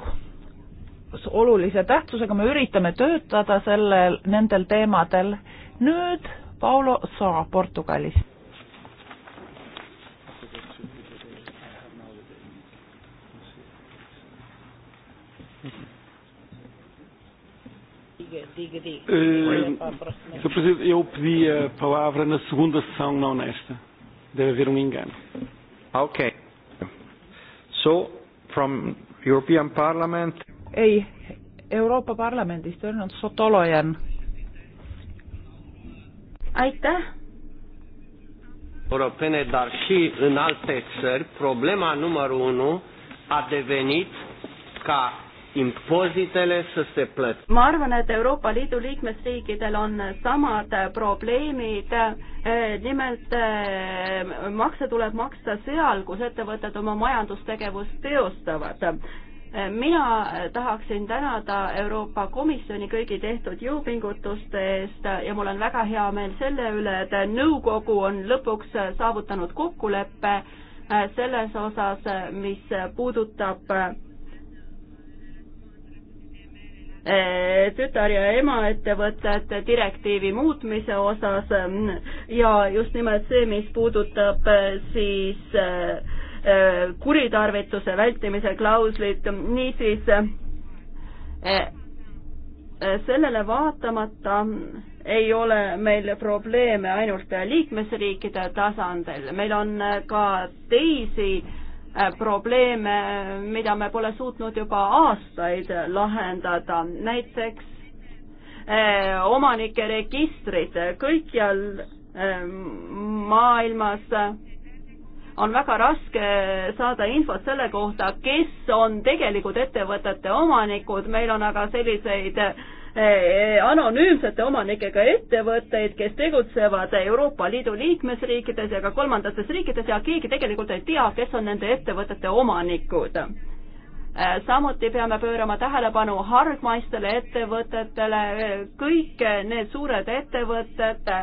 olulise tähtsusega, me üritame töötada sellel, nendel teemadel. nüüd Paulo Saa Portugalist. Diga, diga, diga. Uh, Sr. Presidente, eu pedi a palavra na segunda sessão, não nesta. Deve haver um engano. Ok. So, from European Parliament... Ei, Euroopa Parlamentist öelnud Sotolojan. aitäh. europene, dar și în alte țări, problema numărul unu a devenit ca impozitele să se plătească. Ma arvan, et Euroopa Liidu liikmesriikidel on samad probleemid. E, nimelt e, makse tuleb maksta seal, kus ettevõtted oma majandustegevust teostavad. E, mina tahaksin tänada Euroopa Komisjoni kõigi tehtud jõupingutuste eest ja mul on väga hea meel selle üle, et nõukogu on lõpuks saavutanud kokkuleppe selles osas, mis puudutab Eh, tütar- ja emaettevõtete direktiivi muutmise osas ja just nimelt see, mis puudutab eh, siis eh, kuritarvituse vältimise klauslit, niisiis sellele vaatamata ei ole meil probleeme ainult liikmesriikide tasandil, meil on ka teisi Äh, probleeme, mida me pole suutnud juba aastaid lahendada, näiteks äh, omanike registrid kõikjal äh, maailmas on väga raske saada infot selle kohta, kes on tegelikud ettevõtete omanikud, meil on aga selliseid äh, E, e, anonüümsete omanikega ettevõtteid, kes tegutsevad Euroopa Liidu liikmesriikides ja ka kolmandates riikides ja keegi tegelikult ei tea, kes on nende ettevõtete omanikud. E, samuti peame pöörama tähelepanu hargmaistele ettevõtetele, kõik need suured ettevõtted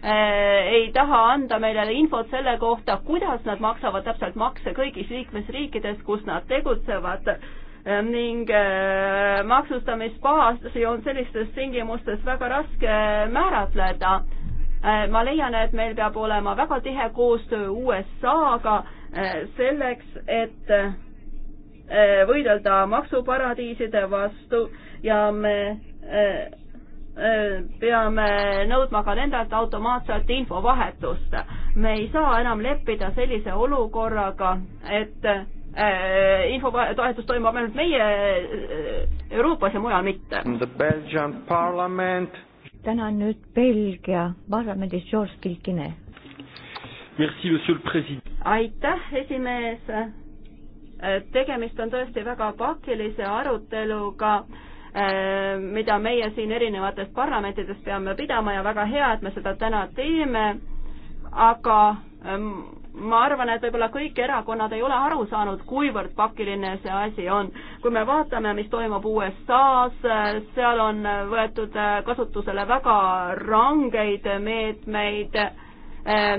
ei taha anda meile infot selle kohta, kuidas nad maksavad täpselt makse kõigis liikmesriikides, kus nad tegutsevad ning äh, maksustamisbaasi on sellistes tingimustes väga raske määratleda. Äh, ma leian, et meil peab olema väga tihe koostöö USA-ga äh, selleks, et võidelda maksuparadiiside vastu ja me peame nõudma ka nendelt automaatset infovahetust. me ei saa enam leppida sellise olukorraga, et Äh, infotoetus toimub ainult meie äh, Euroopas ja mujal mitte. tänan nüüd Belgia parlamendis George Kilkine. aitäh, esimees. Äh, tegemist on tõesti väga pakilise aruteluga mida meie siin erinevates parlamentides peame pidama ja väga hea, et me seda täna teeme, aga ähm, ma arvan, et võib-olla kõik erakonnad ei ole aru saanud, kuivõrd pakiline see asi on. kui me vaatame, mis toimub USA-s, seal on võetud kasutusele väga rangeid meetmeid,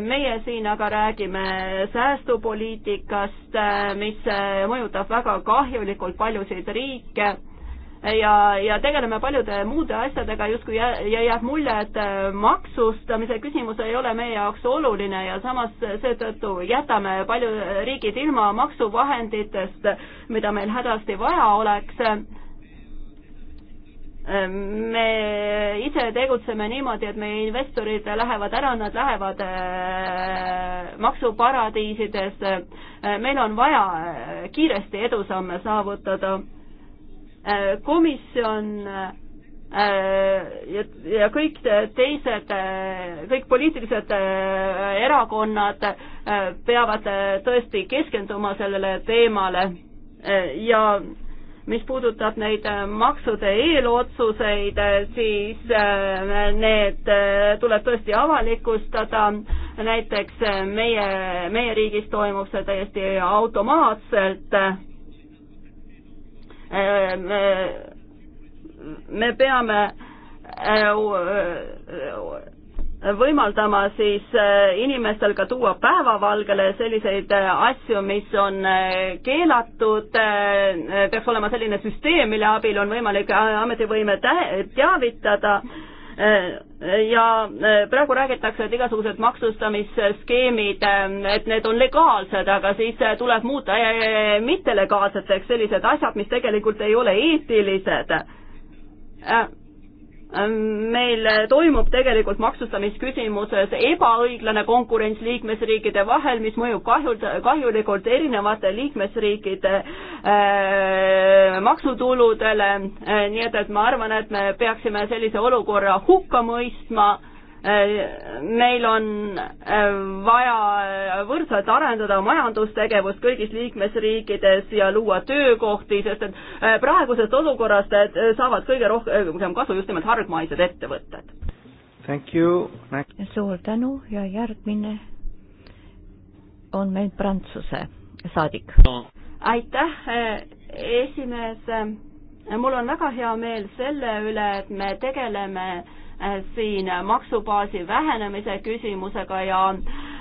meie siin aga räägime säästupoliitikast, mis mõjutab väga kahjulikult paljusid riike ja, ja tegeleme paljude muude asjadega, justkui jää, jääb mulje, et äh, maksustamise küsimus ei ole meie jaoks oluline ja samas seetõttu jätame paljud riigid ilma maksuvahenditest, mida meil hädasti vaja oleks. Ähm, me ise tegutseme niimoodi, et meie investorid lähevad ära, nad lähevad äh, maksuparadiisidesse. Äh, meil on vaja kiiresti edusamme saavutada Äh, komisjon äh, ja, ja kõik teised, äh, kõik poliitilised erakonnad peavad tõesti keskenduma sellele teemale ja mis puudutab neid maksude eelotsuseid, siis need tuleb tõesti avalikustada, näiteks meie, meie riigis toimub see täiesti automaatselt Äh, äh, me peame äh, võimaldama siis inimestel ka tuua päevavalgele selliseid asju, mis on keelatud, peaks olema selline süsteem, mille abil on võimalik ametivõime teavitada ja äh, praegu räägitakse, et igasugused maksustamisskeemid, äh, et need on legaalsed, aga siis äh, tuleb muuta mittelegaalseteks sellised asjad, mis tegelikult ei ole eetilised Ehm, meil äh, toimub tegelikult maksustamisküsimuses ebaõiglane konkurents liikmesriikide vahel, mis mõjub kahjult, kahjulikult erinevate liikmesriikide äh, maksutuludele äh,, nii et, et ma arvan, et me peaksime sellise olukorra hukka mõistma äh, meil on äh, vaja äh, võrdselt arendada majandustegevust kõigis liikmesriikides ja luua töökohti, sest et äh, praegusest olukorrast saavad kõige rohkem kasu just nimelt hargmaised ettevõtted. suur tänu ja järgmine on meil Prantsuse saadik. aitäh, esimees. mul on väga hea meel selle üle, et me tegeleme siin maksubaasi vähenemise küsimusega ja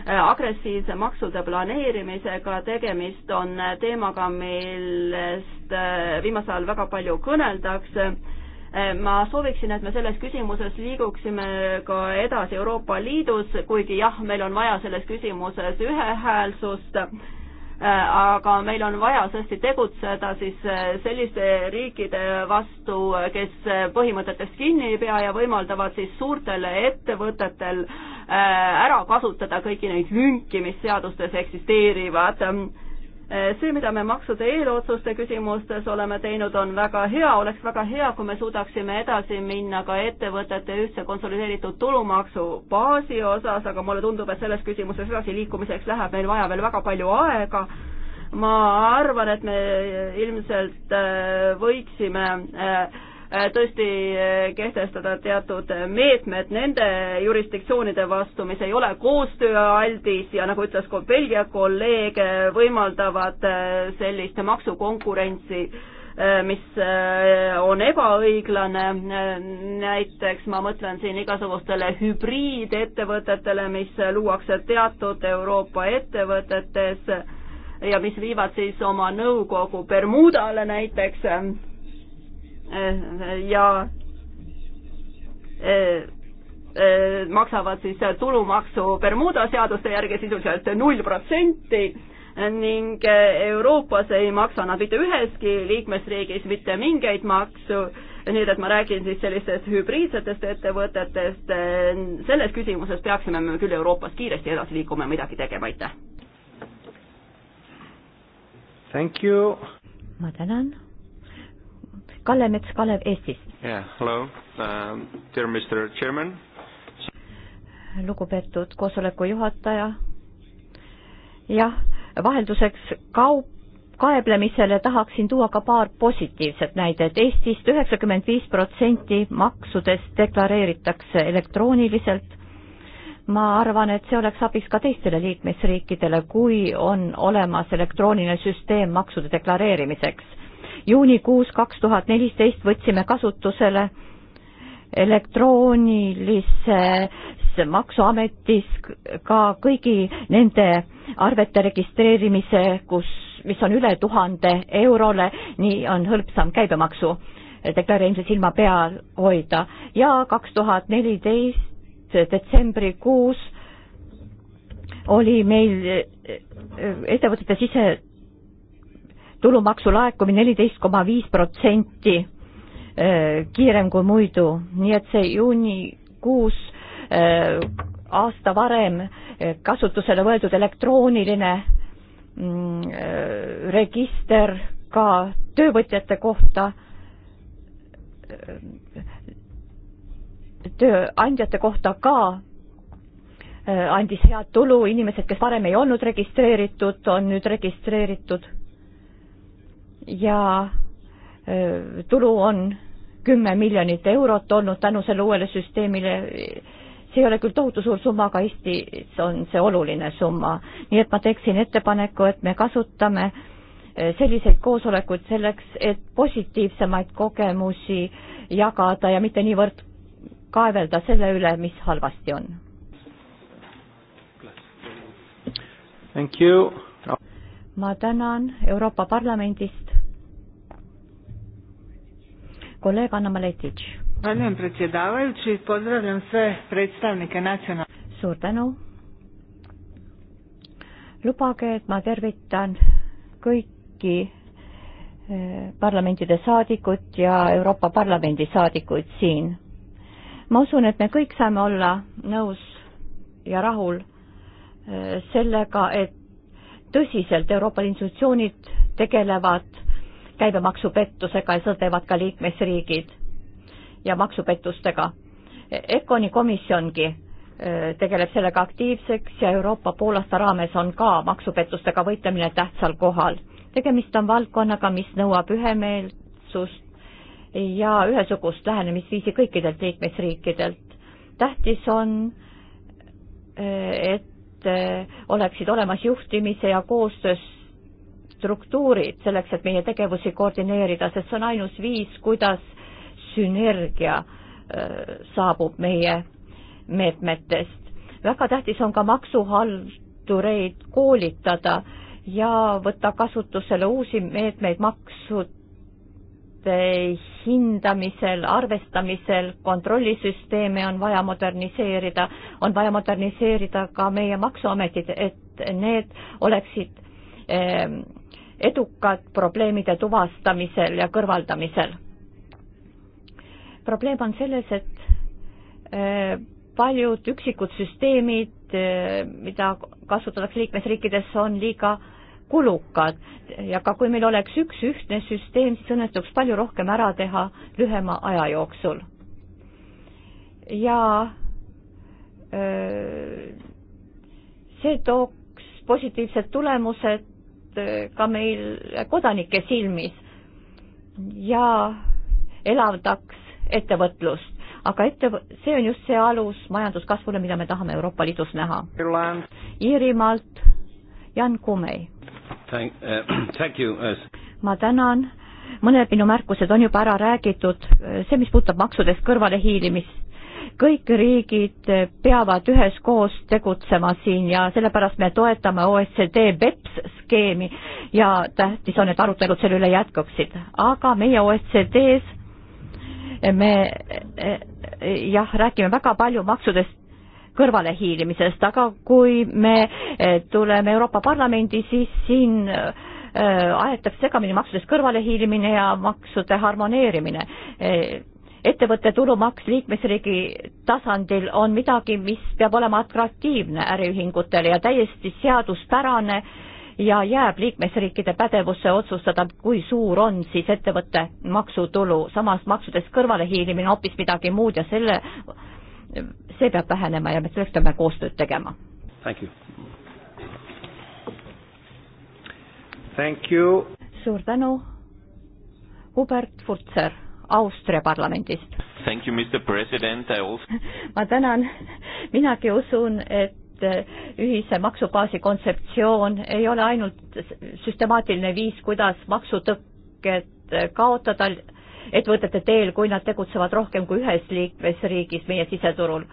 äh, agressiivse maksude planeerimisega, tegemist on äh, teemaga, millest äh, viimasel ajal väga palju kõneldakse ma sooviksin, et me selles küsimuses liiguksime ka edasi Euroopa Liidus, kuigi jah, meil on vaja selles küsimuses ühehäälsust Äh, aga meil on vaja tõesti tegutseda siis äh, selliste riikide vastu, äh, kes põhimõtetest kinni ei pea ja võimaldavad siis suurtel ettevõtetel ära kasutada kõiki neid lünki, mis seadustes eksisteerivad see, mida me maksude eelotsuste küsimustes oleme teinud, on väga hea, oleks väga hea, kui me suudaksime edasi minna ka ettevõtete ühtse konsolideeritud tulumaksubaasi osas, aga mulle tundub, et selles küsimuses edasiliikumiseks läheb meil vaja veel väga palju aega. ma arvan, et me ilmselt äh, võiksime äh, Äh, tõesti äh, kehtestada teatud meetmed nende jurisdiktsioonide vastu, mis ei ole koostööaldis ja nagu ütles ka Belgia kolleeg, võimaldavad äh, sellist maksukonkurentsi mis on ebaõiglane, näiteks ma mõtlen siin igasugustele hübriidettevõtetele, mis luuakse teatud Euroopa ettevõtetes ja mis viivad siis oma nõukogu Bermudale näiteks Äh, ja äh, äh, maksavad siis tulumaksu Bermuda seaduste järgi sisuliselt null protsenti ning Euroopas ei maksa nad mitte üheski liikmesriigis mitte mingeid maksu, nii et ma räägin siis sellistest hübriidsetest ettevõtetest, selles küsimuses peaksime me küll Euroopas kiiresti edasi liikuma ja midagi tegema, aitäh! Thank you! ma tänan! Kalle Mets, Kalev Eestist yeah,. Hello uh,, dear Mr Chairman. lugupeetud koosoleku juhataja. jah, vahelduseks kaup kaeblemisele tahaksin tuua ka paar positiivset näidet. Eestist üheksakümmend viis protsenti maksudest deklareeritakse elektrooniliselt. ma arvan, et see oleks abiks ka teistele liikmesriikidele, kui on olemas elektrooniline süsteem maksude deklareerimiseks juunikuus kaks tuhat neliteist võtsime kasutusele elektroonilises maksuametis ka kõigi nende arvete registreerimise, kus, mis on üle tuhande eurole, nii on hõlpsam käibemaksu deklareerimise silma peal hoida ja kaks tuhat neliteist detsembrikuus oli meil eh, eh, ettevõtete sise tulumaksu laekumine neliteist koma viis protsenti eh, kiirem kui muidu, nii et see juunikuus eh, aasta varem eh, kasutusele võetud elektrooniline mm, register ka töövõtjate kohta, tööandjate kohta ka andis head tulu, inimesed, kes varem ei olnud registreeritud, on nüüd registreeritud ja tulu on kümme miljonit eurot olnud tänu sellele uuele süsteemile. see ei ole küll tohutu suur summa, aga Eestis on see oluline summa. nii et ma teeksin ettepaneku, et me kasutame selliseid koosolekuid selleks, et positiivsemaid kogemusi jagada ja mitte niivõrd kaevelda selle üle, mis halvasti on. Thank you ma tänan Euroopa Parlamendist kolleeg Anna Maletitš. Zahvaljujem predsjedavajući, pozdravljam sve predstavnike nacionalne. suur tänu. lubage, et ma tervitan kõiki eh, parlamentide saadikud ja Euroopa Parlamendi saadikuid siin. ma usun, et me kõik saame olla nõus ja rahul eh, sellega, et tõsiselt Euroopa institutsioonid tegelevad käibemaksupettusega ja seda teevad ka liikmesriigid ja maksupettustega. ECONi komisjongi äh, tegeleb sellega aktiivseks ja Euroopa poolaasta raames on ka maksupettustega võitlemine tähtsal kohal. tegemist on valdkonnaga, mis nõuab ühemeelsust ja ühesugust lähenemisviisi kõikidelt liikmesriikidelt. tähtis on, äh, et Eh, oleksid olemas juhtimise ja koostöös struktuurid selleks, et meie tegevusi koordineerida, sest see on ainus viis, kuidas sünergia eh, saabub meie meetmetest. väga tähtis on ka maksuhaldureid koolitada ja võtta kasutusele uusi meetmeid maksu andmete hindamisel, arvestamisel, kontrollisüsteeme on vaja moderniseerida, on vaja moderniseerida ka meie maksuametid, et need oleksid ehm, edukad probleemide tuvastamisel ja kõrvaldamisel. probleem on selles, et ehm, paljud üksikud süsteemid, ehm, mida kasutatakse liikmesriikides, on liiga äh, kulukad ja ka kui meil oleks üks ühtne süsteem, siis õnnestuks palju rohkem ära teha lühema aja jooksul. ja öö, see tooks positiivsed tulemused ka meil kodanike silmis ja elavdaks ettevõtlust, aga ette, see on just see alus majanduskasvule, mida me tahame Euroopa Liidus näha. Iirimaalt Jan Kumei Uh, uh, ma tänan, mõned minu märkused on juba ära räägitud, uh, see, mis puudutab maksudest kõrvalehiilimist, kõik riigid peavad üheskoos tegutsema siin ja sellepärast me toetame OECD BEPS skeemi ja tähtis on, et arutelud selle üle jätkuksid, aga meie OECD-s me eh, eh, jah, räägime väga palju maksudest kõrvalehiilimisest, aga kui me eh, tuleme Euroopa Parlamendi, siis siin eh, aetakse segamini maksudest kõrvalehiilimine ja maksude harmoneerimine eh, ettevõtte tulumaks liikmesriigi tasandil on midagi, mis peab olema atraktiivne äriühingutele ja täiesti seaduspärane ja jääb liikmesriikide pädevusse otsustada, kui suur on siis ettevõtte maksutulu. samas maksudest kõrvalehiilimine hoopis midagi muud ja selle see peab vähenema ja me selleks peame koostööd tegema. suur tänu. Hubert Futser Austria parlamendist. Also... ma tänan, minagi usun, et eh, ühise maksubaasi kontseptsioon ei ole ainult süstemaatiline viis, kuidas maksutõkked eh, kaotada ettevõtete teel, kui nad tegutsevad rohkem kui ühes liikmesriigis meie siseturul.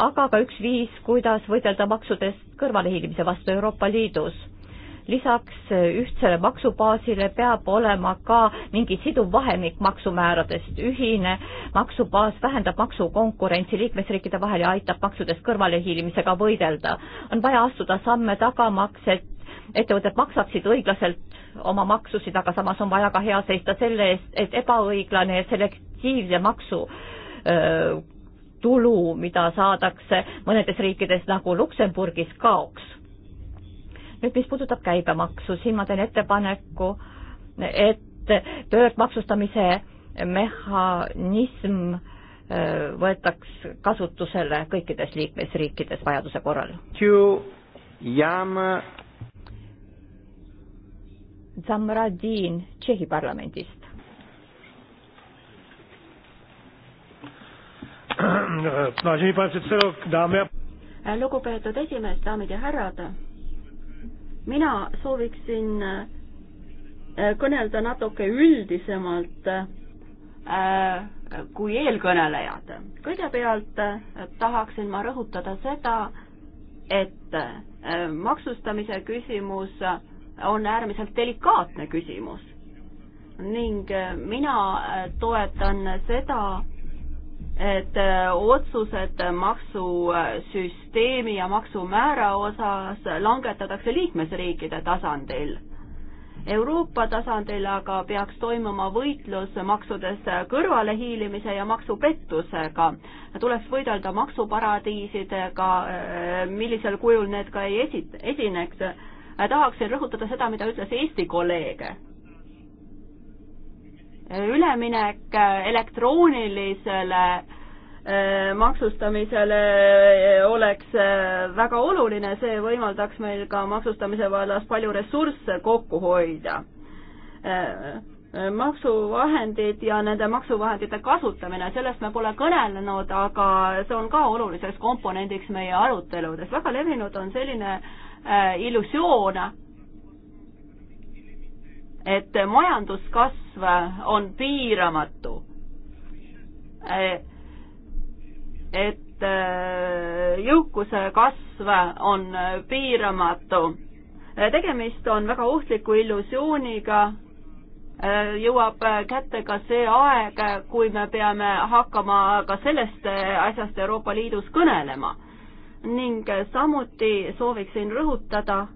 aga ka üks viis, kuidas võidelda maksudest kõrvalehiilimise vastu Euroopa Liidus. lisaks ühtsele maksubaasile peab olema ka mingi siduv vahemik maksumääradest. ühine maksubaas vähendab maksukonkurentsi liikmesriikide vahel ja aitab maksudest kõrvalehiilimisega võidelda. on vaja astuda samme tagamaks, et ettevõtted maksaksid õiglaselt oma maksusid, aga samas on vaja ka hea seista selle eest, et ebaõiglane ja selektiivne maksu öö, tulu, mida saadakse mõnedes riikides nagu Luksemburgis, kaoks. nüüd, mis puudutab käibemaksu, siin ma teen ettepaneku, et pöördmaksustamise mehhanism võetaks kasutusele kõikides liikmesriikides vajaduse korral. Jam Zamradin Tšehhi parlamendist. lugupeetud esimees, daamid ja härrad, mina sooviksin äh, kõnelda natuke üldisemalt äh, kui eelkõnelejad. kõigepealt äh, tahaksin ma rõhutada seda, et maksustamise küsimus on äärmiselt delikaatne küsimus ning äh, mina äh, toetan seda, et äh, otsused maksusüsteemi ja maksumäära osas langetatakse liikmesriikide tasandil. Euroopa tasandil aga peaks toimuma võitlus maksudest kõrvalehiilimise ja maksupettusega. tuleks võidelda maksuparadiisidega, millisel kujul need ka ei esi-, esineks Äh, tahaksin rõhutada seda, mida ütles Eesti kolleeg. Äh, üleminek äh, elektroonilisele maksustamisele oleks väga oluline, see võimaldaks meil ka maksustamise vallas palju ressursse kokku hoida. maksuvahendid ja nende maksuvahendite kasutamine, sellest me pole kõnelenud, aga see on ka oluliseks komponendiks meie aruteludes. väga levinud on selline Äh, illusioon, et majanduskasv on piiramatu. et äh, jõukuse kasv on piiramatu. Äh, tegemist on väga ohtliku illusiooniga, jõuab kätte ka see aeg, kui me peame hakkama ka sellest asjast Euroopa Liidus kõnelema ning samuti sooviksin rõhutada,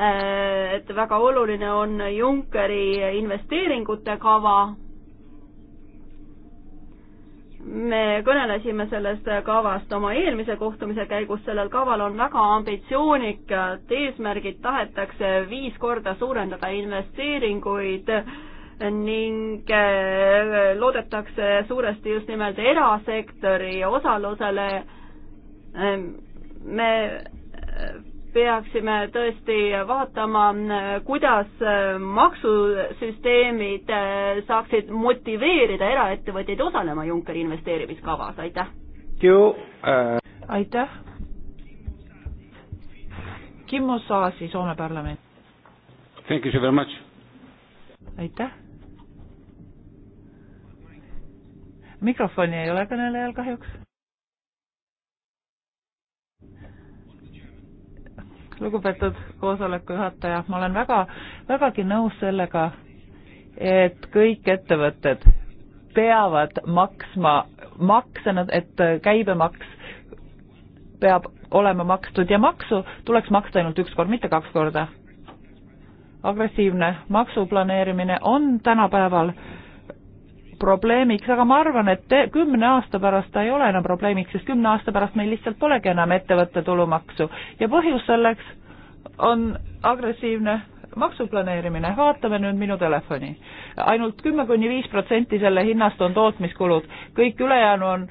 äh, et väga oluline on Junckeri investeeringute kava. me kõnelesime sellest kavast oma eelmise kohtumise käigus, sellel kaval on väga ambitsioonikad eesmärgid, tahetakse viis korda suurendada investeeringuid äh, ning äh, loodetakse suuresti just nimelt erasektori osalusele. Ähm, me äh, peaksime tõesti vaatama, kuidas äh, maksusüsteemid saaksid motiveerida eraettevõtjaid osalema Junckeri investeerimiskavas, aitäh! aitäh! Kimmo Saasi, Soome parlament. aitäh! mikrofoni ei ole kõnelejal kahjuks. lugupeetud koosoleku juhataja, ma olen väga, vägagi nõus sellega, et kõik ettevõtted peavad maksma makse, et käibemaks peab olema makstud ja maksu tuleks maksta ainult üks kord, mitte kaks korda. agressiivne maksuplaneerimine on tänapäeval äh, probleemiks, aga ma arvan, et te, kümne aasta pärast ta ei ole enam probleemiks, sest kümne aasta pärast meil lihtsalt polegi enam ettevõtte tulumaksu ja põhjus selleks on agressiivne maksuplaneerimine, vaatame nüüd minu telefoni ainult. ainult kümme kuni viis protsenti selle hinnast on tootmiskulud, kõik ülejäänu on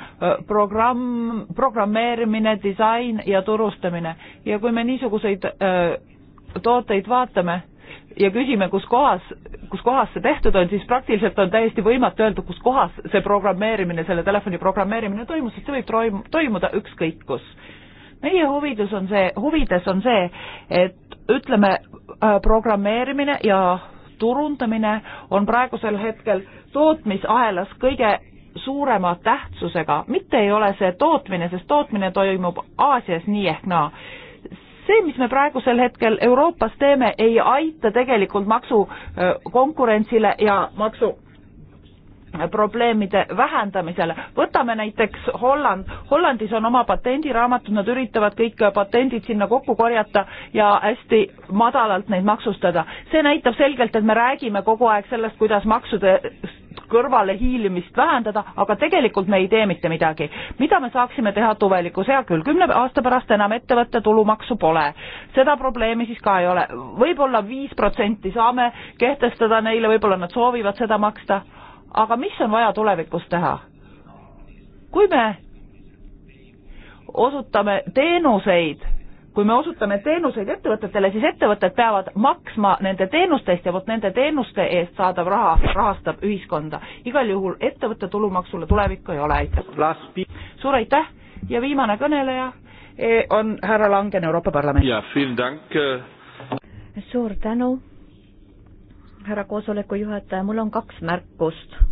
programm, programmeerimine, disain ja turustamine ja kui me niisuguseid öö, tooteid vaatame, ja küsime, kus kohas, kus kohas see tehtud on, siis praktiliselt on täiesti võimatu öelda, kus kohas see programmeerimine, selle telefoni programmeerimine toimus, sest see võib toim-, toimuda ükskõik kus. meie huvides on see, huvides on see, et ütleme, äh, programmeerimine ja turundamine on praegusel hetkel tootmisahelas kõige suurema tähtsusega, mitte ei ole see tootmine, sest tootmine toimub Aasias nii ehk naa no see, mis me praegusel hetkel Euroopas teeme, ei aita tegelikult maksukonkurentsile ja maksu probleemide vähendamisele. võtame näiteks Holland. Hollandis on oma patendiraamatud, nad üritavad kõik patendid sinna kokku korjata ja hästi madalalt neid maksustada. see näitab selgelt, et me räägime kogu aeg sellest, kuidas maksude kõrvalehiilimist vähendada, aga tegelikult me ei tee mitte midagi. mida me saaksime teha tulevikus, hea küll, kümne aasta pärast enam ettevõtte tulumaksu pole, seda probleemi siis ka ei ole võib, võib-olla viis protsenti saame kehtestada neile, võib-olla nad soovivad seda maksta, aga mis on vaja tulevikus teha? kui me osutame teenuseid kui me osutame teenuseid ettevõtetele, siis ettevõtted peavad maksma nende teenuste eest ja vot nende teenuste eest saadav raha rahastab ühiskonda. igal juhul ettevõtte tulumaksule tulevikku ei ole, aitäh. suur aitäh ja viimane kõneleja e, on härra Langen Euroopa Parlamendist. Äh, suur tänu, härra koosoleku juhataja, mul on kaks märkust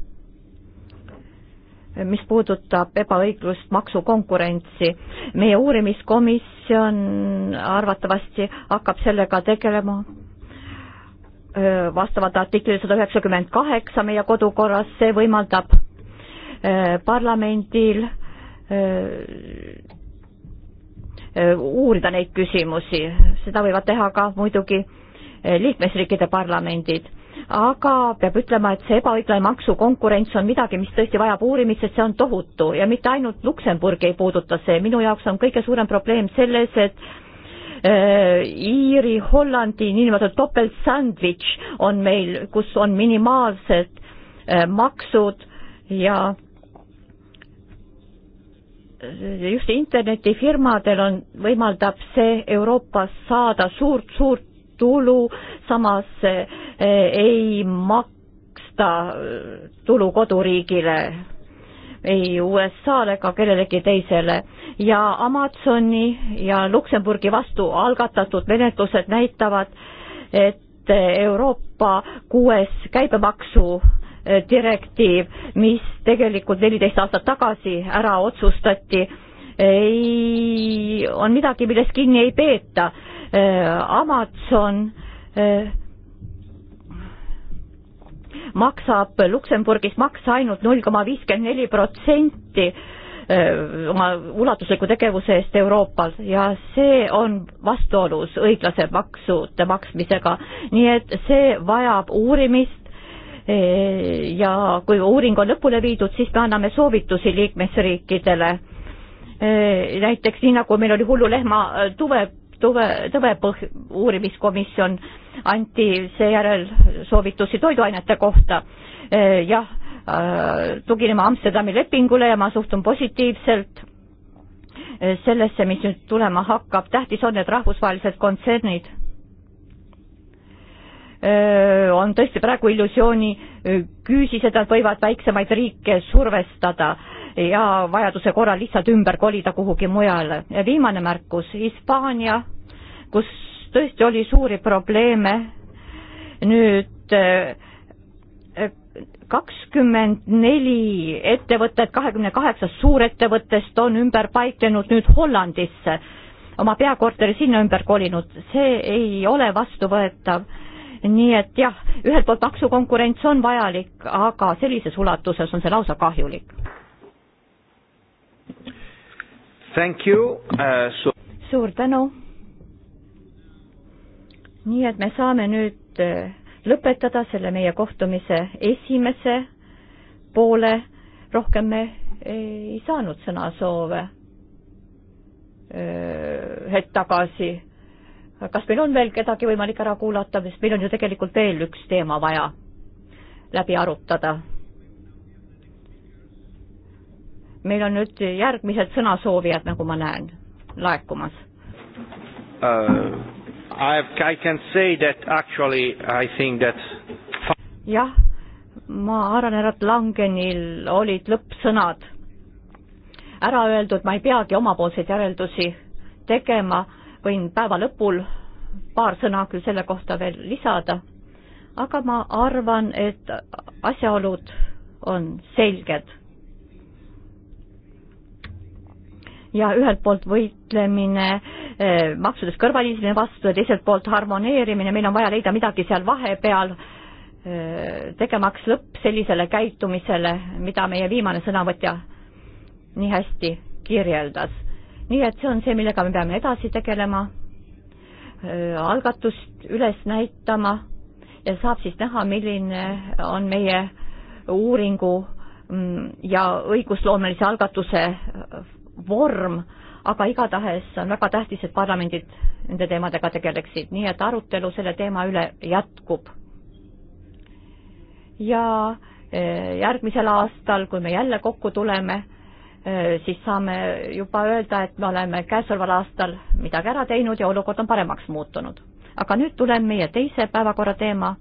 mis puudutab ebaõiglust maksukonkurentsi. meie uurimiskomisjon arvatavasti hakkab sellega tegelema vastavalt artiklile sada üheksakümmend kaheksa meie kodukorras, see võimaldab parlamendil uurida neid küsimusi, seda võivad teha ka muidugi liikmesriikide parlamendid aga peab ütlema, et see ebaõiglane maksukonkurents on midagi, mis tõesti vajab uurimist, sest see on tohutu ja mitte ainult Luksemburgi ei puuduta see, minu jaoks on kõige suurem probleem selles, et äh, Iiri, Hollandi niinimetatud topelt sandwich on meil, kus on minimaalsed äh, maksud ja äh, just internetifirmadel on, võimaldab see Euroopas saada suurt-suurt tulu, samas eh, ei maksta eh, tulu koduriigile, ei USA-le ega kellelegi teisele ja Amazoni ja Luksemburgi vastu algatatud menetlused näitavad, et Euroopa kuues käibemaksu eh, direktiiv, mis tegelikult neliteist aastat tagasi ära otsustati, ei, on midagi, millest kinni ei peeta Äh, Amazon äh, maksab Luksemburgis makse ainult null koma viiskümmend neli protsenti äh, oma ulatusliku tegevuse eest Euroopas ja see on vastuolus õiglase maksude maksmisega, nii et see vajab uurimist ja kui uuring on lõpule viidud, siis me anname soovitusi liikmesriikidele. näiteks nii, nagu meil oli hullulehma tuve tuve, tõve põh-, uurimiskomisjon anti seejärel soovitusi toiduainete kohta. Eh, jah, eh, tuginema Amsterdami lepingule ja ma suhtun positiivselt eh, sellesse, mis nüüd tulema hakkab, tähtis on, et rahvusvahelised kontsernid on tõesti praegu illusiooni küüsis, et nad võivad väiksemaid riike survestada ja vajaduse korral lihtsalt ümber kolida kuhugi mujale. viimane märkus, Hispaania, kus tõesti oli suuri probleeme, nüüd eh, kakskümmend neli ettevõtet, kahekümne kaheksast suurettevõttest on ümber paiknenud nüüd Hollandisse, oma peakorteri sinna ümber kolinud, see ei ole vastuvõetav nii et jah, ühelt poolt maksukonkurents on vajalik, aga sellises ulatuses on see lausa kahjulik Thank you uh,. So... suur tänu. nii et me saame nüüd äh, lõpetada selle meie kohtumise esimese poole. rohkem me ei saanud sõnasoove äh, hetk tagasi. kas meil on veel kedagi võimalik ära kuulata, sest meil on ju tegelikult veel üks teema vaja läbi arutada meil on nüüd järgmised sõnasoovijad, nagu ma näen, laekumas uh,. I can say that actually I think that jah, ma arvan, härra Langenil olid lõppsõnad ära öeldud, ma ei peagi omapoolseid järeldusi tegema, võin päeva lõpul paar sõna küll selle kohta veel lisada, aga ma arvan, et asjaolud on selged ja ühelt poolt võitlemine eh, maksudest kõrvaliismine vastu ja teiselt poolt harmoneerimine, meil on vaja leida midagi seal vahepeal, eh, tegemaks lõpp sellisele käitumisele, mida meie viimane sõnavõtja nii hästi kirjeldas. nii et see on see, millega me peame edasi tegelema, eh, algatust üles näitama ja saab siis näha, milline on meie uuringu mm, ja õigusloomelise algatuse vorm, aga igatahes on väga tähtis, et parlamendid nende teemadega tegeleksid, nii et arutelu selle teema üle jätkub. ja eh, järgmisel aastal, kui me jälle kokku tuleme, eh, siis saame juba öelda, et me oleme käesoleval aastal midagi ära teinud ja olukord on paremaks muutunud. aga nüüd tulen meie teise päevakorrateema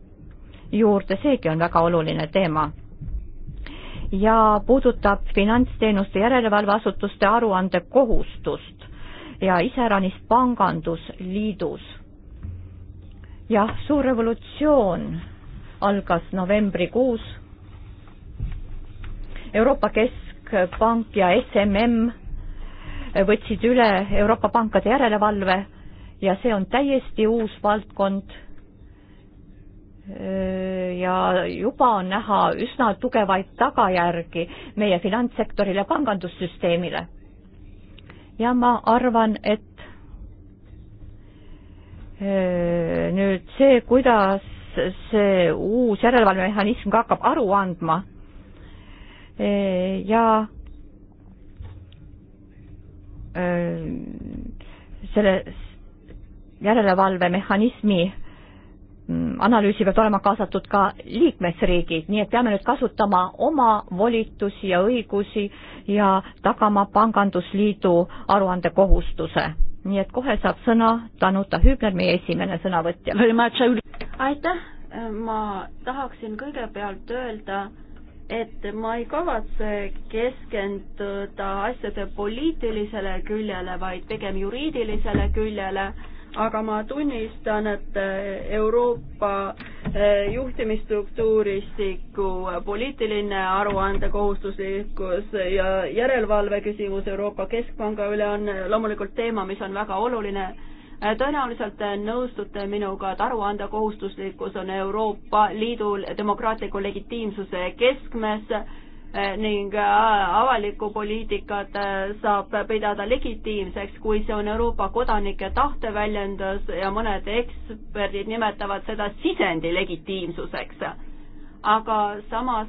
juurde, seegi on väga oluline teema ja puudutab finantsteenuste järelevalveasutuste aruandekohustust ja iseäranis pangandusliidus. jah, suur revolutsioon algas novembrikuus. Euroopa Keskpank ja SMM võtsid üle Euroopa pankade järelevalve ja see on täiesti uus valdkond ja juba on näha üsna tugevaid tagajärgi meie finantssektorile, pangandussüsteemile. ja ma arvan, et äh, nüüd see, kuidas see uus järelevalvemehhanism ka hakkab aru andma äh, ja äh, selle järelevalvemehhanismi Mm. analüüsi peavad olema kaasatud ka liikmesriigid, nii et peame nüüd kasutama oma volitusi ja õigusi ja tagama Pangandusliidu aruandekohustuse. nii et kohe saab sõna Danuta Hübner, meie esimene sõnavõtja. aitäh, ma tahaksin kõigepealt öelda, et ma ei kavatse keskenduda asjade poliitilisele küljele, vaid pigem juriidilisele küljele aga ma tunnistan, et eh, Euroopa eh, juhtimisstruktuuristiku eh, poliitiline aruandekohustuslikkus ja järelevalve küsimus Euroopa Keskpanga üle on loomulikult teema, mis on väga oluline. tõenäoliselt nõustute minuga, et aruandekohustuslikkus on Euroopa Liidul demokraatliku legitiimsuse keskmes Eh, ning eh, avalikku poliitikat eh, saab pidada legitiimseks, kui see on Euroopa kodanike tahteväljendus ja mõned eksperdid nimetavad seda sisendi legitiimsuseks. aga samas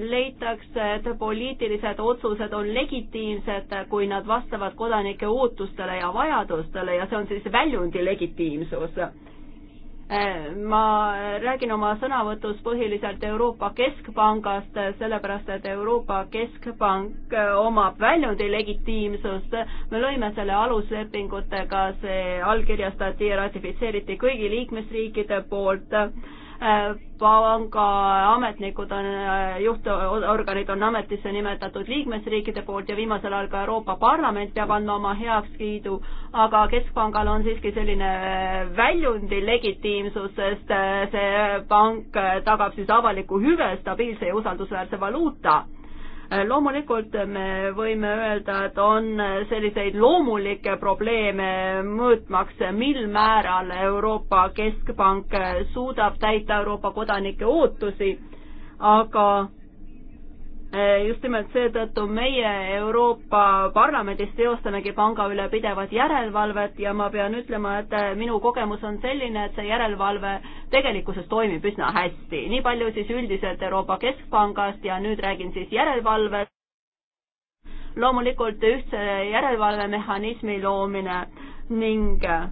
leitakse, et poliitilised otsused on legitiimsed, kui nad vastavad kodanike ootustele ja vajadustele ja see on siis väljundi legitiimsus ma räägin oma sõnavõtus põhiliselt Euroopa Keskpangast, sellepärast et Euroopa Keskpank omab väljundi legitiimsust. me lõime selle aluslepingutega, see allkirjastati ja ratifitseeriti kõigi liikmesriikide poolt panga ametnikud on, äh, juhtorganid on ametisse nimetatud liikmesriikide poolt ja viimasel ajal ka Euroopa Parlament peab andma oma heakskiidu, aga Keskpangal on siiski selline äh, väljundi legitiimsus, sest äh, see pank tagab siis avaliku hüve, stabiilse ja usaldusväärse valuuta Äh, loomulikult me võime öelda, et on selliseid loomulikke probleeme mõõtmaks, mil määral Euroopa Keskpank suudab täita Euroopa kodanike ootusi, aga Eh, just nimelt seetõttu meie Euroopa Parlamendis teostamegi panga üle pidevat järelevalvet ja ma pean ütlema, et eh, minu kogemus on selline, et see järelevalve tegelikkuses toimib üsna hästi. nii palju siis üldiselt Euroopa Keskpangast ja nüüd räägin siis järelevalvest. loomulikult ühtse järelevalvemehhanismi loomine ning eh,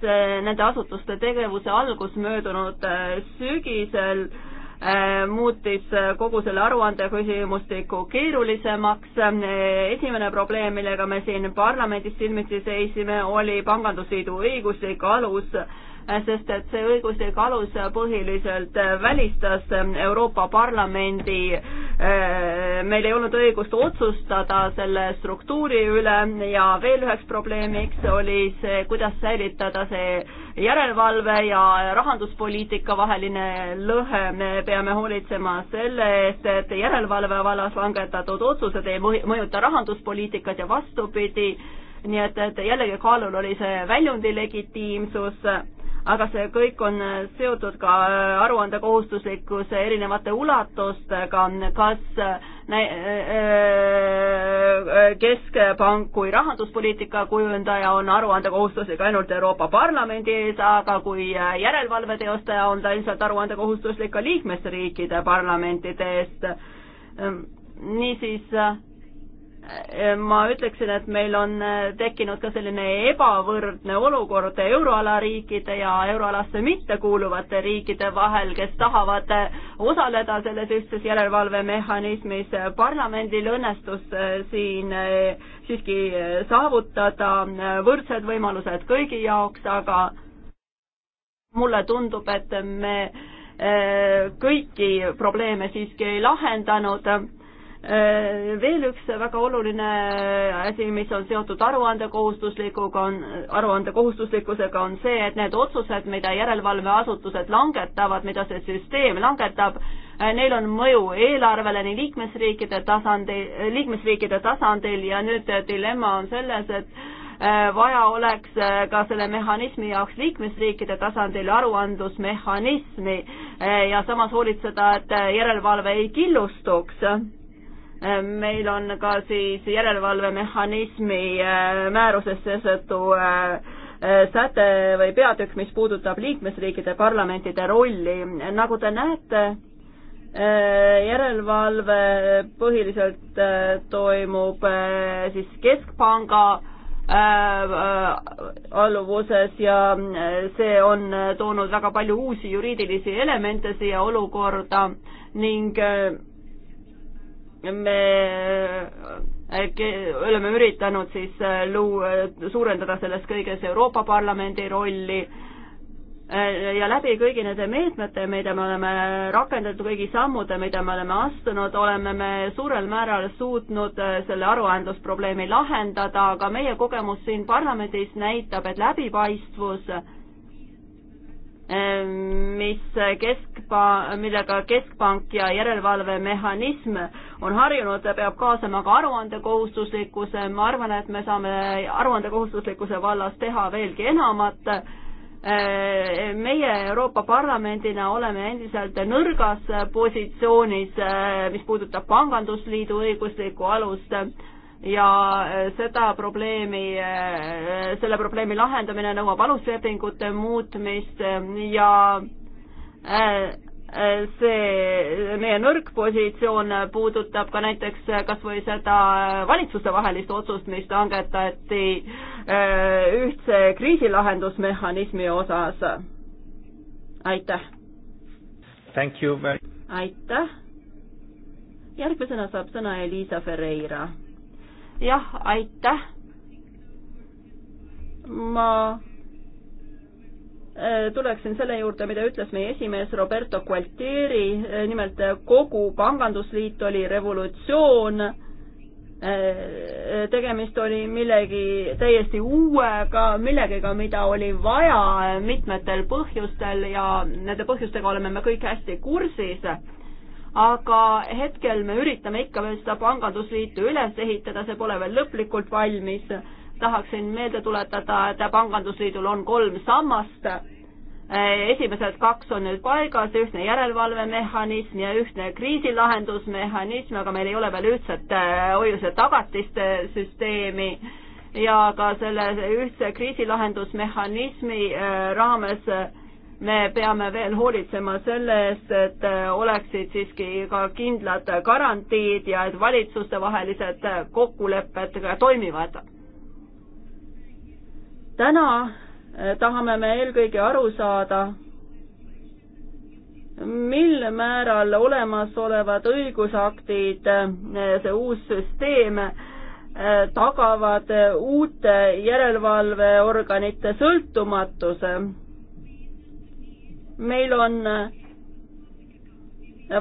see, nende asutuste tegevuse algus möödunud sügisel äh, Äh, muutis äh, kogu selle aruande küsimustiku keerulisemaks. Äh, esimene probleem, millega me siin parlamendis silmitsi seisime, oli pangandusliidu õiguslik alus Äh, sest et see õiguslik alus põhiliselt äh, välistas äh, Euroopa Parlamendi, meil ei olnud õigust otsustada selle struktuuri üle ja veel üheks probleemiks oli see, kuidas säilitada see järelevalve ja rahanduspoliitika vaheline lõhe, me peame hoolitsema selle eest, et järelevalve vallas langetatud otsused ei mõjuta rahanduspoliitikat ja vastupidi, nii et, et jällegi kaalul oli see väljundi legitiimsus aga see kõik on äh, seotud ka äh, aruandekohustuslikkuse erinevate ulatustega, kas äh, keskpank kui rahanduspoliitika kujundaja on aruandekohustuslik ainult Euroopa Parlamendi ees, aga kui järelevalve teostaja on ta ilmselt aruandekohustuslik ka liikmesriikide parlamentide eest. Ehm, niisiis Äh, ma ütleksin, et meil on äh, tekkinud ka selline ebavõrdne olukord euroala riikide ja euroalasse mittekuuluvate riikide vahel, kes tahavad äh, osaleda selles ühtses järelevalvemehhanismis. parlamendil õnnestus siin siiski saavutada võrdsed võimalused kõigi jaoks, aga mulle tundub, et me kõiki probleeme siiski ei lahendanud Äh, veel üks väga oluline asi, mis on seotud aruandekohustuslikuga, on, aruandekohustuslikkusega, on see, et need otsused, mida järelevalveasutused langetavad, mida see süsteem langetab, äh, neil on mõju eelarvele nii liikmesriikide tasandil, liikmesriikide tasandil ja nüüd dilemma on selles, et äh, vaja oleks ka selle mehhanismi jaoks liikmesriikide tasandil aruandlusmehhanismi ja samas hoolitseda, et järelevalve ei killustuks meil on ka siis järelevalvemehhanismi äh, määruses seetõttu äh, äh, säte või peatükk, mis puudutab liikmesriikide parlamentide rolli. nagu te näete, järelevalve põhiliselt toimub siis keskpanga alluvuses ja see on toonud väga palju uusi juriidilisi elemente siia olukorda ning me äh, oleme üritanud siis äh, luu-, äh, suurendada selles kõiges Euroopa Parlamendi rolli ja läbi kõigi nende meetmete, mida me oleme rakendanud, kõigi sammude, mida me oleme astunud, oleme me suurel määral suutnud selle aruandlusprobleemi lahendada, aga meie kogemus siin parlamendis näitab, et läbipaistvus Ehm, mis keskpa-, millega keskpank ja järelevalvemehhanism on harjunud, peab kaasama ka aruandekohustuslikkuse, ma arvan, et me saame aruandekohustuslikkuse vallas teha veelgi enamat, ehm, meie Euroopa Parlamendina oleme endiselt nõrgas positsioonis, ehm, mis puudutab pangandusliidu õiguslikku alust ja eh, seda probleemi, eh, selle probleemi lahendamine nõuab aluslepingute muutmist eh, ja see meie nõrk positsioon puudutab ka näiteks kas või seda valitsustevahelist otsust, mis langetati ühtse kriisilahendusmehhanismi osas. aitäh! aitäh! järgmisena saab sõna Elisa Ferreira jah, aitäh. ma äh, tuleksin selle juurde, mida ütles meie esimees Roberto Gualtieri, äh, nimelt äh, kogu pangandusliit oli revolutsioon, tegemist oli millegi täiesti uuega, millegagi, mida oli vaja mitmetel põhjustel ja nende põhjustega oleme me kõik hästi kursis aga hetkel me üritame ikka veel seda pangandusliitu üles ehitada, see pole veel lõplikult valmis. tahaksin meelde tuletada, et pangandusliidul on kolm sammast. Äh, esimesed kaks on nüüd paigas, ühtne järelevalvemehhanism ja ühtne kriisilahendusmehhanism, aga meil ei ole veel ühtset äh, hoiuse tagatiste äh, süsteemi ja ka selle ühtse kriisilahendusmehhanismi raames me peame veel hoolitsema selle eest, et äh, oleksid siiski ka kindlad garantiid ja et valitsustevahelised kokkulepped ka toimivad. täna äh, tahame me eelkõige aru saada, mil määral olemasolevad õigusaktid, äh, see uus süsteem tagavad uute järelevalveorganite sõltumatuse meil on äh,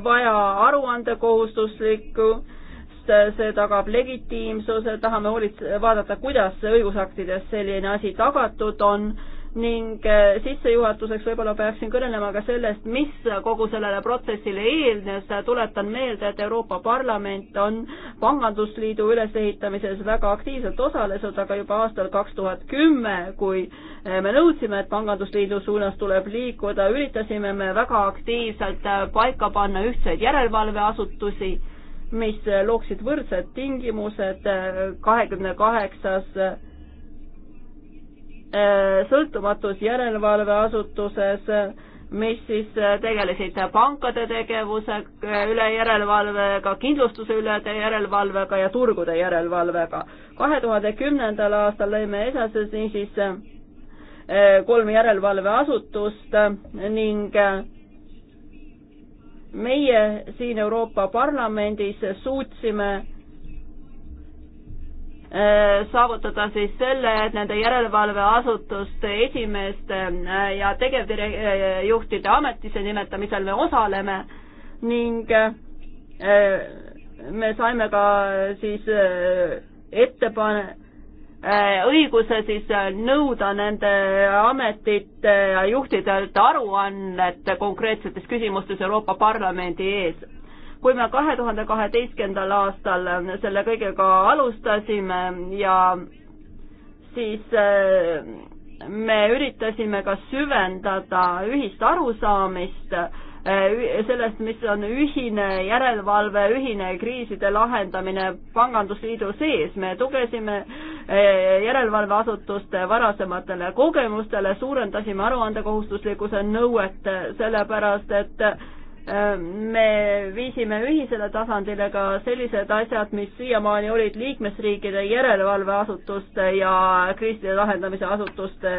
vaja aruandekohustuslikku, see tagab legitiimsuse, tahame hoolits-, vaadata, kuidas õigusaktides selline asi tagatud on ning äh, sissejuhatuseks võib-olla peaksin kõnelema ka sellest, mis kogu sellele protsessile eelnes, tuletan meelde, et Euroopa Parlament on pangandusliidu ülesehitamises väga aktiivselt osalenud, aga juba aastal kaks tuhat kümme, kui äh, me nõudsime, et pangandusliidu suunas tuleb liikuda, üritasime me väga aktiivselt äh, paika panna ühtseid järelevalveasutusi, mis looksid võrdsed tingimused, kahekümne kaheksas Äh, sõltumatus järelevalveasutuses, mis siis äh, tegelesid pankade tegevuse äh, üle järelevalvega, kindlustuse üle järelevalvega ja turgude järelevalvega. kahe tuhande kümnendal aastal lõime edasi niisiis kolm järelevalveasutust ning meie siin Euroopa Parlamendis suutsime Äh, saavutada siis selle, et nende järelevalveasutuste esimeeste äh, ja tegevjuhtide ametisse nimetamisel me osaleme ning äh, me saime ka siis ettepane-, õiguse siis nõuda nende ametite ja juhtidelt aruannet konkreetsetes küsimustes Euroopa Parlamendi ees kui me kahe tuhande kaheteistkümnendal aastal selle kõigega alustasime ja siis äh, me üritasime ka süvendada ühist arusaamist äh, sellest, mis on ühine järelevalve, ühine kriiside lahendamine Pangandusliidu sees, me tugesime äh, järelevalveasutuste varasematele kogemustele, suurendasime aruandekohustuslikkuse nõuet, sellepärast et Äh, me viisime ühisele tasandile ka sellised asjad, mis siiamaani olid liikmesriikide järelevalveasutuste ja kriiside lahendamise asutuste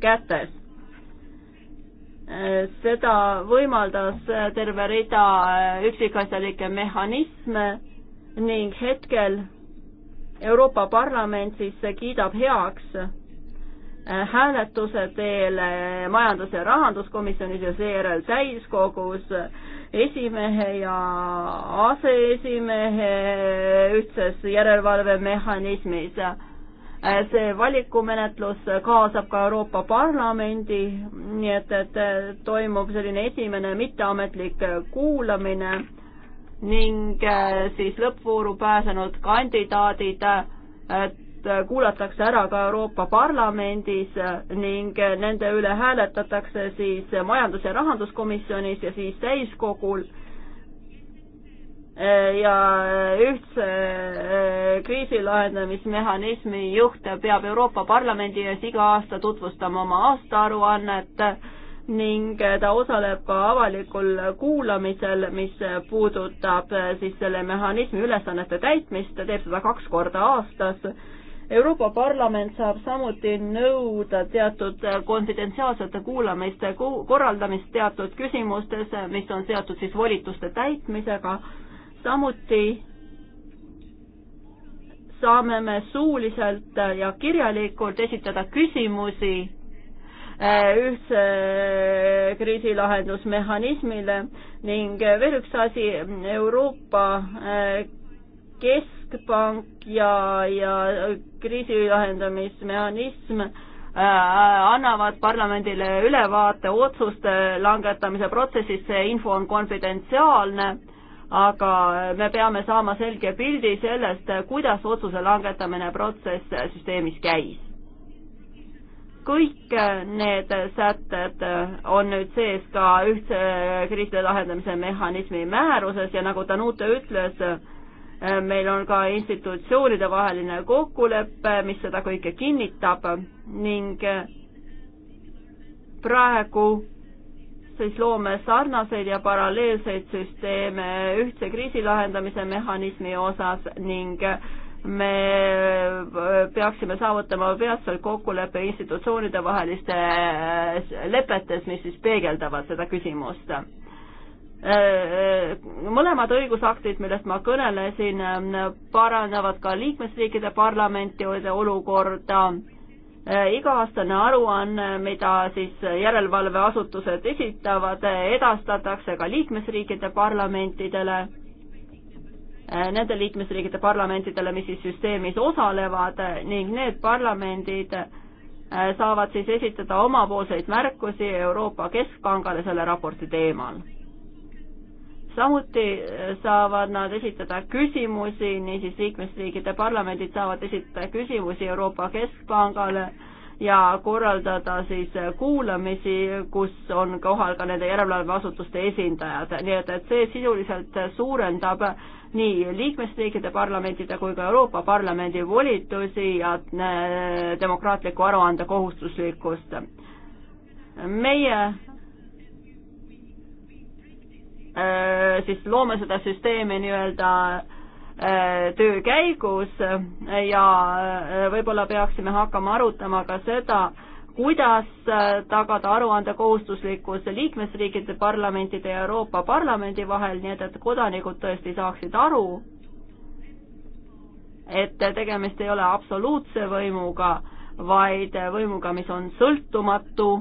kätes. Äh, seda võimaldas terve rida äh, üksikasjalikke mehhanisme ning hetkel Euroopa Parlament siis kiidab heaks Äh, hääletuse teel äh, majandus- ja rahanduskomisjonis ja seejärel täiskogus esimehe ja aseesimehe ühtses järelevalvemehhanismis. Äh, see valikumenetlus kaasab ka Euroopa Parlamendi, nii et, et toimub selline esimene mitteametlik kuulamine ning siis lõppvooru pääsenud kandidaadid need äh, kuulatakse ära ka Euroopa Parlamendis äh, ning äh, nende üle hääletatakse siis Majandus- ja Rahanduskomisjonis ja siis täiskogul ja ühtse kriisilahendamismehhanismi juht peab Euroopa Parlamendi ees iga aasta tutvustama oma aastaaruannet ning ta osaleb ka avalikul kuulamisel, mis puudutab siis selle mehhanismi ülesannete täitmist, ta teeb seda kaks korda aastas Euroopa Parlament saab samuti nõuda teatud konfidentsiaalsete kuulamiste korraldamist teatud küsimustes, mis on seotud siis volituste täitmisega, samuti saame me suuliselt ja kirjalikult esitada küsimusi äh, ühtse kriisilahendusmehhanismile ning veel üks asi, Euroopa äh, keskpank ja, ja kriisi lahendamismehhanism äh, annavad parlamendile ülevaate otsuste langetamise protsessist, see info on konfidentsiaalne, aga me peame saama selge pildi sellest, kuidas otsuse langetamine protsess süsteemis käis. kõik need sätted on nüüd sees ka ühtse kriiside lahendamise mehhanismi määruses ja nagu Danute ütles, Äh, meil on ka institutsioonide vaheline kokkulepe, mis seda kõike kinnitab ning äh, praegu siis loome sarnaseid ja paralleelseid süsteeme ühtse kriisi lahendamise mehhanismi osas ning äh, me peaksime saavutama peatselt kokkuleppe institutsioonide vaheliste lepetes, mis siis peegeldavad seda küsimust Äh, äh, mõlemad õigusaktid, millest ma kõnelesin, äh, parandavad ka liikmesriikide parlamentide olukorda. iga-aastane aruanne, mida siis järelevalveasutused esitavad, edastatakse ka liikmesriikide parlamentidele, nende liikmesriikide parlamentidele, mis siis süsteemis osalevad ning need parlamendid saavad siis esitada omapoolseid märkusi Euroopa Keskpangale selle raporti teemal samuti äh, saavad nad esitada küsimusi, niisiis liikmesriikide parlamendid saavad esitada küsimusi Euroopa Keskpangale ja korraldada siis äh, kuulamisi, kus on kohal ka nende järelevalveasutuste esindajad, nii et, et see sisuliselt suurendab nii liikmesriikide parlamentide kui ka Euroopa Parlamendi volitusi ja äh, demokraatliku aruande kohustuslikkust meie Äh, siis loome seda süsteemi nii-öelda äh, töö käigus ja äh, võib-olla peaksime hakkama arutama ka seda, kuidas tagada aruandekohustuslikkus liikmesriikide parlamentide ja Euroopa Parlamendi vahel, nii et, et kodanikud tõesti saaksid aru, et tegemist ei ole absoluutse võimuga, vaid võimuga, mis on sõltumatu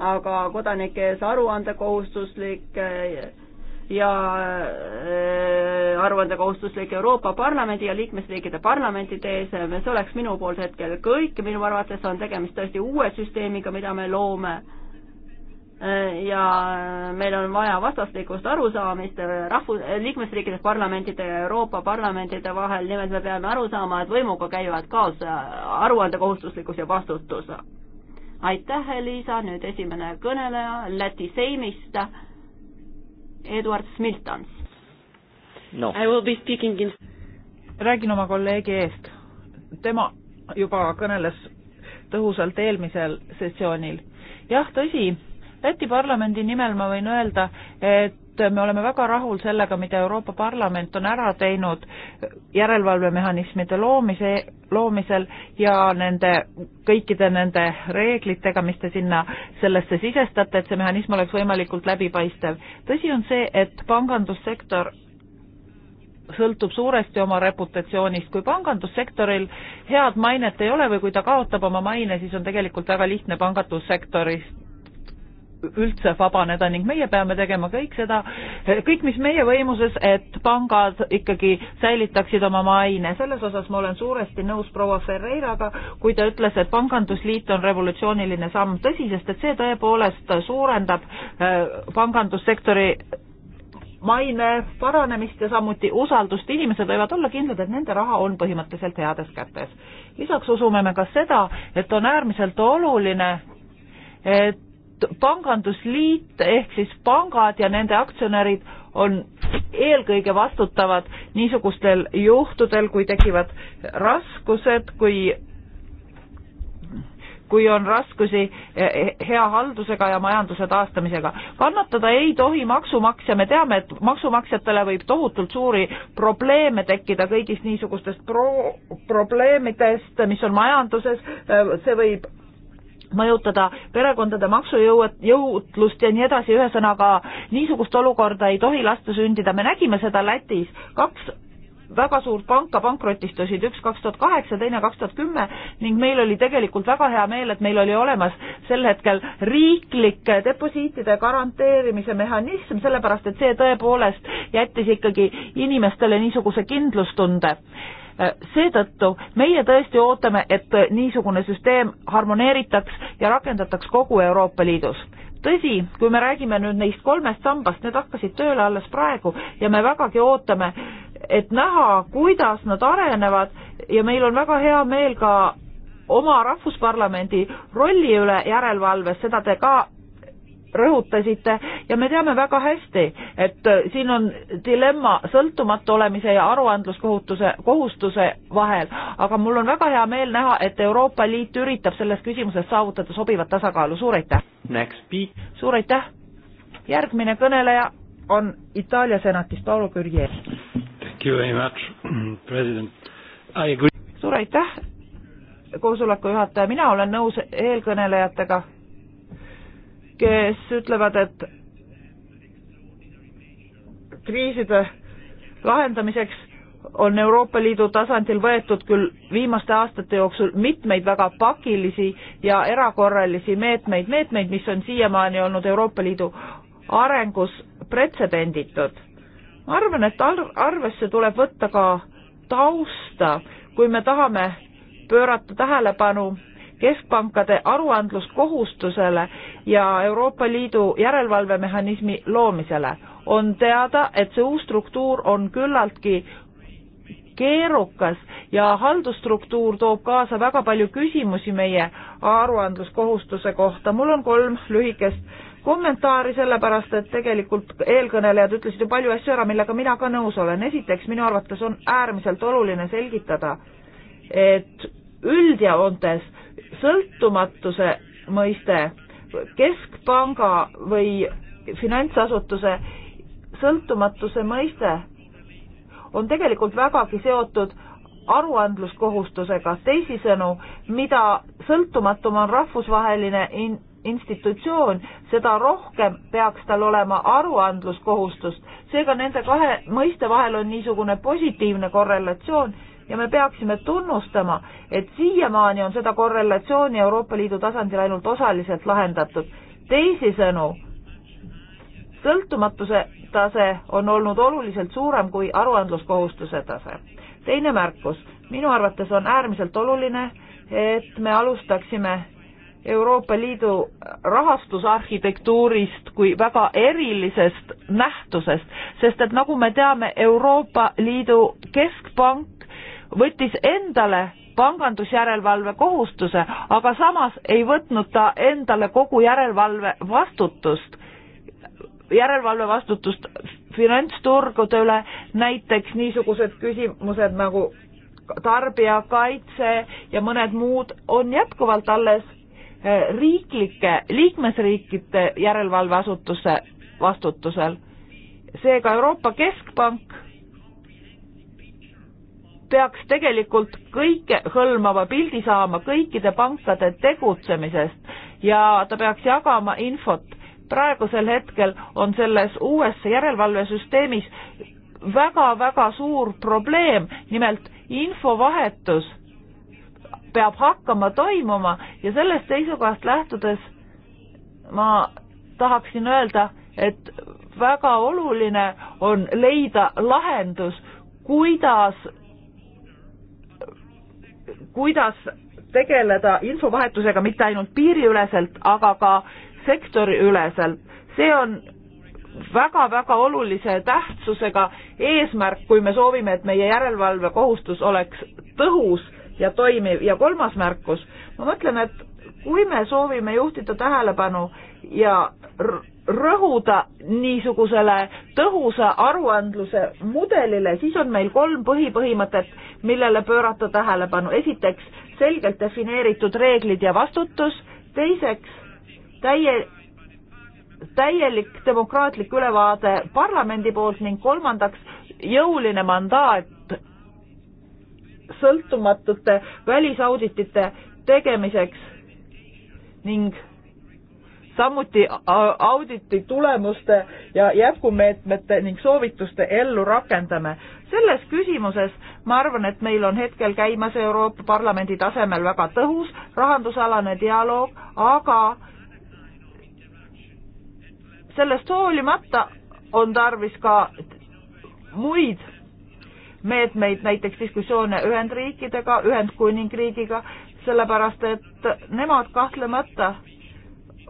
aga kodanike ees aruandekohustuslik eh, ja eh, aruandekohustuslik Euroopa Parlamendi ja liikmesriikide parlamentide ees, see oleks minu poolt hetkel kõik, minu arvates on tegemist tõesti uue süsteemiga, mida me loome eh, ja meil on vaja vastastikust arusaamist rahvu-, liikmesriikides parlamentide ja Euroopa parlamentide vahel, nimelt me peame aru saama, et võimuga käivad kaasa aruandekohustuslikkus ja vastutus aitäh, Liisa, nüüd esimene kõneleja Läti Seimist, Eduard Smiltans no.. I will be speaking in räägin oma kolleegi eest. tema juba kõneles tõhusalt eelmisel sessioonil. jah, tõsi, Läti parlamendi nimel ma võin öelda, et me oleme väga rahul sellega, mida Euroopa Parlament on ära teinud järelevalvemehhanismide loomise, loomisel ja nende, kõikide nende reeglitega, mis te sinna sellesse sisestate, et see mehhanism oleks võimalikult läbipaistev. tõsi on see, et pangandussektor sõltub suuresti oma reputatsioonist. kui pangandussektoril head mainet ei ole või kui ta kaotab oma maine, siis on tegelikult väga lihtne pangandussektorist üldse vabaneda ning meie peame tegema kõik seda, kõik, mis meie võimuses, et pangad ikkagi säilitaksid oma maine. selles osas ma olen suuresti nõus proua Ferreiraga, kui ta ütles, et pangandusliit on revolutsiooniline samm. tõsi, sest et see tõepoolest suurendab äh, pangandussektori maine paranemist ja samuti usaldust, inimesed võivad olla kindlad, et nende raha on põhimõtteliselt heades kätes. lisaks usume me ka seda, et on äärmiselt oluline, et pangandusliit ehk siis pangad ja nende aktsionärid on eelkõige vastutavad niisugustel juhtudel, kui tekivad raskused, kui kui on raskusi hea haldusega ja majanduse taastamisega. kannatada ei tohi maksumaksja, me teame, et maksumaksjatele võib tohutult suuri probleeme tekkida kõigist niisugustest pro-, probleemidest, mis on majanduses, see võib mõjutada perekondade maksujõudlust ja nii edasi, ühesõnaga niisugust olukorda ei tohi lasta sündida, me nägime seda Lätis, kaks väga suurt panka pankrotistusid, üks kaks tuhat kaheksa, teine kaks tuhat kümme ning meil oli tegelikult väga hea meel, et meil oli olemas sel hetkel riiklik deposiitide garanteerimise mehhanism, sellepärast et see tõepoolest jättis ikkagi inimestele niisuguse kindlustunde Äh, seetõttu meie tõesti ootame, et äh, niisugune süsteem harmoneeritaks ja rakendataks kogu Euroopa Liidus tõsi, kui me räägime nüüd neist kolmest sambast, need hakkasid tööle alles praegu ja me vägagi ootame, et näha, kuidas nad arenevad ja meil on väga hea meel ka oma rahvusparlamendi rolli üle järelevalves, seda te ka rõhutasite ja me teame väga hästi, et äh, siin on dilemma sõltumatu olemise ja aruandluskohutuse, kohustuse vahel, aga mul on väga hea meel näha, et Euroopa Liit üritab selles küsimuses saavutada sobivat tasakaalu, suur aitäh! suur aitäh! järgmine kõneleja on Itaalia senatist Paolo Gürjev. suur aitäh, koosoleku juhataja, mina olen nõus eelkõnelejatega kes ütlevad, et kriiside lahendamiseks on Euroopa Liidu tasandil võetud küll viimaste aastate jooksul mitmeid väga pakilisi ja erakorralisi meetmeid, meetmeid, mis on siiamaani olnud Euroopa Liidu arengus pretsedenditud. ma arvan, et ar-, arvesse tuleb võtta ka tausta, kui me tahame pöörata tähelepanu keskpankade aruandluskohustusele ja Euroopa Liidu järelevalvemehhanismi loomisele. on teada, et see uus struktuur on küllaltki keerukas ja haldusstruktuur toob kaasa väga palju küsimusi meie aruandluskohustuse kohta. mul on kolm lühikest kommentaari, sellepärast et tegelikult eelkõnelejad ütlesid ju palju asju ära, millega mina ka nõus olen. esiteks, minu arvates on äärmiselt oluline selgitada, et üldjoontes sõltumatuse mõiste, keskpanga või finantsasutuse sõltumatuse mõiste on tegelikult vägagi seotud aruandluskohustusega, teisisõnu, mida sõltumatum on rahvusvaheline in institutsioon, seda rohkem peaks tal olema aruandluskohustust. seega nende kahe mõiste vahel on niisugune positiivne korrelatsioon ja me peaksime tunnustama, et siiamaani on seda korrelatsiooni Euroopa Liidu tasandil ainult osaliselt lahendatud. teisisõnu, sõltumatuse tase on olnud oluliselt suurem kui aruandluskohustuse tase. teine märkus, minu arvates on äärmiselt oluline, et me alustaksime Euroopa Liidu rahastusarhitektuurist kui väga erilisest nähtusest, sest et nagu me teame, Euroopa Liidu keskpank võttis endale pangandusjärelevalve kohustuse, aga samas ei võtnud ta endale kogu järelevalve vastutust, järelevalve vastutust finantsturgude üle, näiteks niisugused küsimused nagu tarbijakaitse ja mõned muud on jätkuvalt alles eh, riiklike, liikmesriikide järelevalveasutuse vastutusel. seega Euroopa Keskpank peaks tegelikult kõike hõlmava pildi saama kõikide pankade tegutsemisest ja ta peaks jagama infot. praegusel hetkel on selles uues järelevalvesüsteemis väga-väga suur probleem, nimelt infovahetus peab hakkama toimuma ja sellest seisukohast lähtudes ma tahaksin öelda, et väga oluline on leida lahendus, kuidas kuidas tegeleda infovahetusega mitte ainult piiriüleselt, aga ka sektoriüleselt. see on väga-väga olulise tähtsusega eesmärk, kui me soovime, et meie järelevalvekohustus oleks tõhus ja toimiv ja kolmas märkus, ma mõtlen, et kui me soovime juhtida tähelepanu ja rõhuda niisugusele tõhusa aruandluse mudelile, siis on meil kolm põhipõhimõtet, millele pöörata tähelepanu. esiteks, selgelt defineeritud reeglid ja vastutus, teiseks, täie, täielik demokraatlik ülevaade parlamendi poolt ning kolmandaks, jõuline mandaat sõltumatute välisauditite tegemiseks ning samuti auditi tulemuste ja jätkumeetmete ning soovituste ellu rakendame. selles küsimuses ma arvan, et meil on hetkel käimas Euroopa Parlamendi tasemel väga tõhus rahandusalane dialoog, aga sellest hoolimata on tarvis ka muid meetmeid, näiteks diskussioone Ühendriikidega, Ühendkuningriigiga, sellepärast et nemad kahtlemata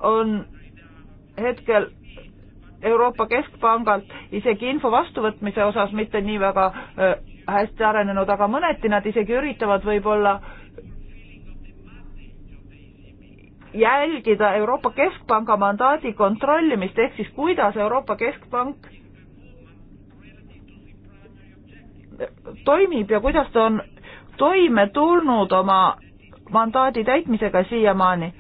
on hetkel Euroopa Keskpangalt isegi info vastuvõtmise osas mitte nii väga hästi arenenud, aga mõneti nad isegi üritavad võib-olla jälgida Euroopa Keskpanga mandaadi kontrollimist, ehk siis kuidas Euroopa Keskpank toimib ja kuidas ta on toime tulnud oma mandaadi täitmisega siiamaani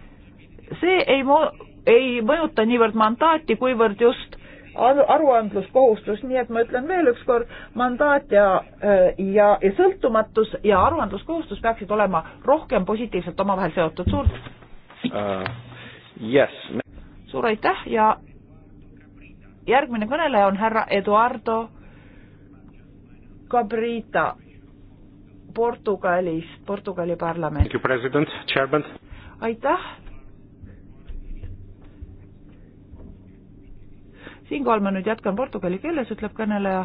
see ei mo-, ei mõjuta niivõrd mandaati, kuivõrd just aru, aruandluskohustus, nii et ma ütlen veel ükskord, mandaat ja, äh, ja, ja sõltumatus ja aruandluskohustus peaksid olema rohkem positiivselt omavahel seotud, suur uh, yes. suur aitäh ja järgmine kõneleja on härra Eduardo Cabrita Portugalist, Portugali parlament. aitäh siinkohal ma nüüd jätkan portugali keeles, ütleb kõneleja.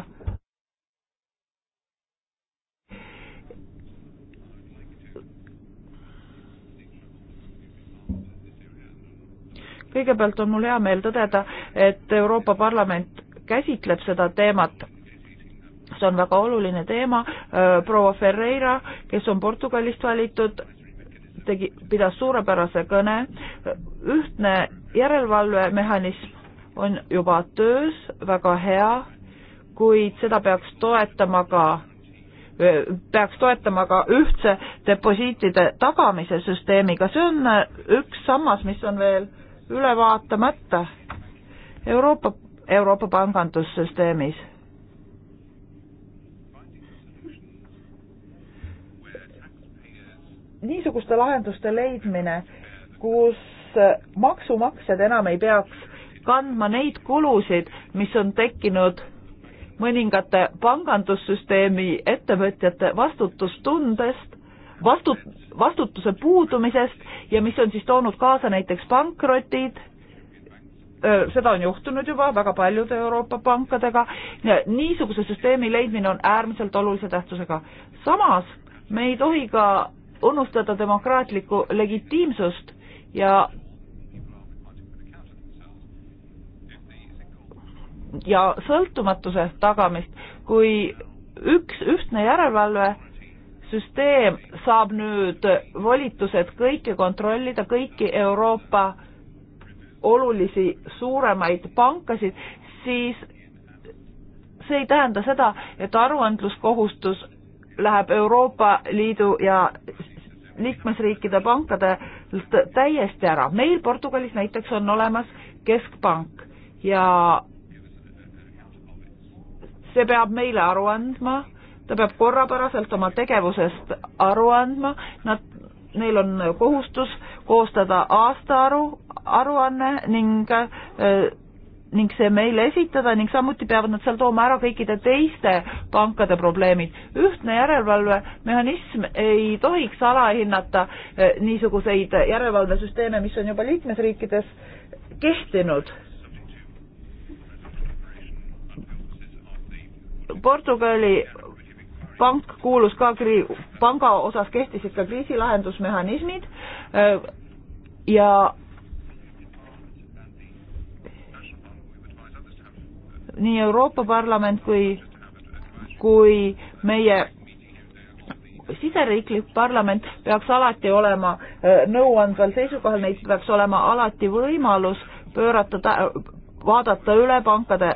kõigepealt on mul hea meel tõdeda, et Euroopa Parlament käsitleb seda teemat see on väga oluline teema, äh, proua Ferreira, kes on Portugalist valitud, tegi, pidas suurepärase kõne, ühtne järelevalvemehhanism on juba töös, väga hea, kuid seda peaks toetama ka peaks toetama ka ühtse deposiitide tagamise süsteemiga, see on äh, üks sammas, mis on veel üle vaatamata Euroopa, Euroopa pangandussüsteemis niisuguste lahenduste leidmine, kus äh, maksumaksjad enam ei peaks kandma neid kulusid, mis on tekkinud mõningate pangandussüsteemi ettevõtjate vastutustundest, vastu, vastutuse puudumisest ja mis on siis toonud kaasa näiteks pankrotid, seda on juhtunud juba väga paljude Euroopa pankadega, niisuguse süsteemi leidmine on äärmiselt olulise tähtsusega. samas me ei tohi ka unustada demokraatlikku legitiimsust ja ja sõltumatuse tagamist, kui üks ühtne järelevalvesüsteem saab nüüd volitused kõike kontrollida, kõiki Euroopa olulisi suuremaid pankasid, siis see ei tähenda seda, et aruandluskohustus läheb Euroopa Liidu ja liikmesriikide pankadelt täiesti ära. meil Portugalis näiteks on olemas keskpank ja see peab meile aru andma, ta peab korrapäraselt oma tegevusest aru andma, nad, neil on kohustus koostada aastaaru, aruanne ning äh, ning see meile esitada ning samuti peavad nad seal tooma ära kõikide teiste pankade probleemid. ühtne järelevalvemehhanism ei tohiks alahinnata äh, niisuguseid järelevalvesüsteeme, mis on juba liikmesriikides kehtinud. Portugali pank kuulus ka kri-, panga osas kehtisid ka kriisilahendusmehhanismid äh, ja nii Euroopa Parlament kui, kui meie siseriiklik parlament peaks alati olema äh, nõuandval seisukohal, neid peaks olema alati võimalus pöörata, vaadata üle pankade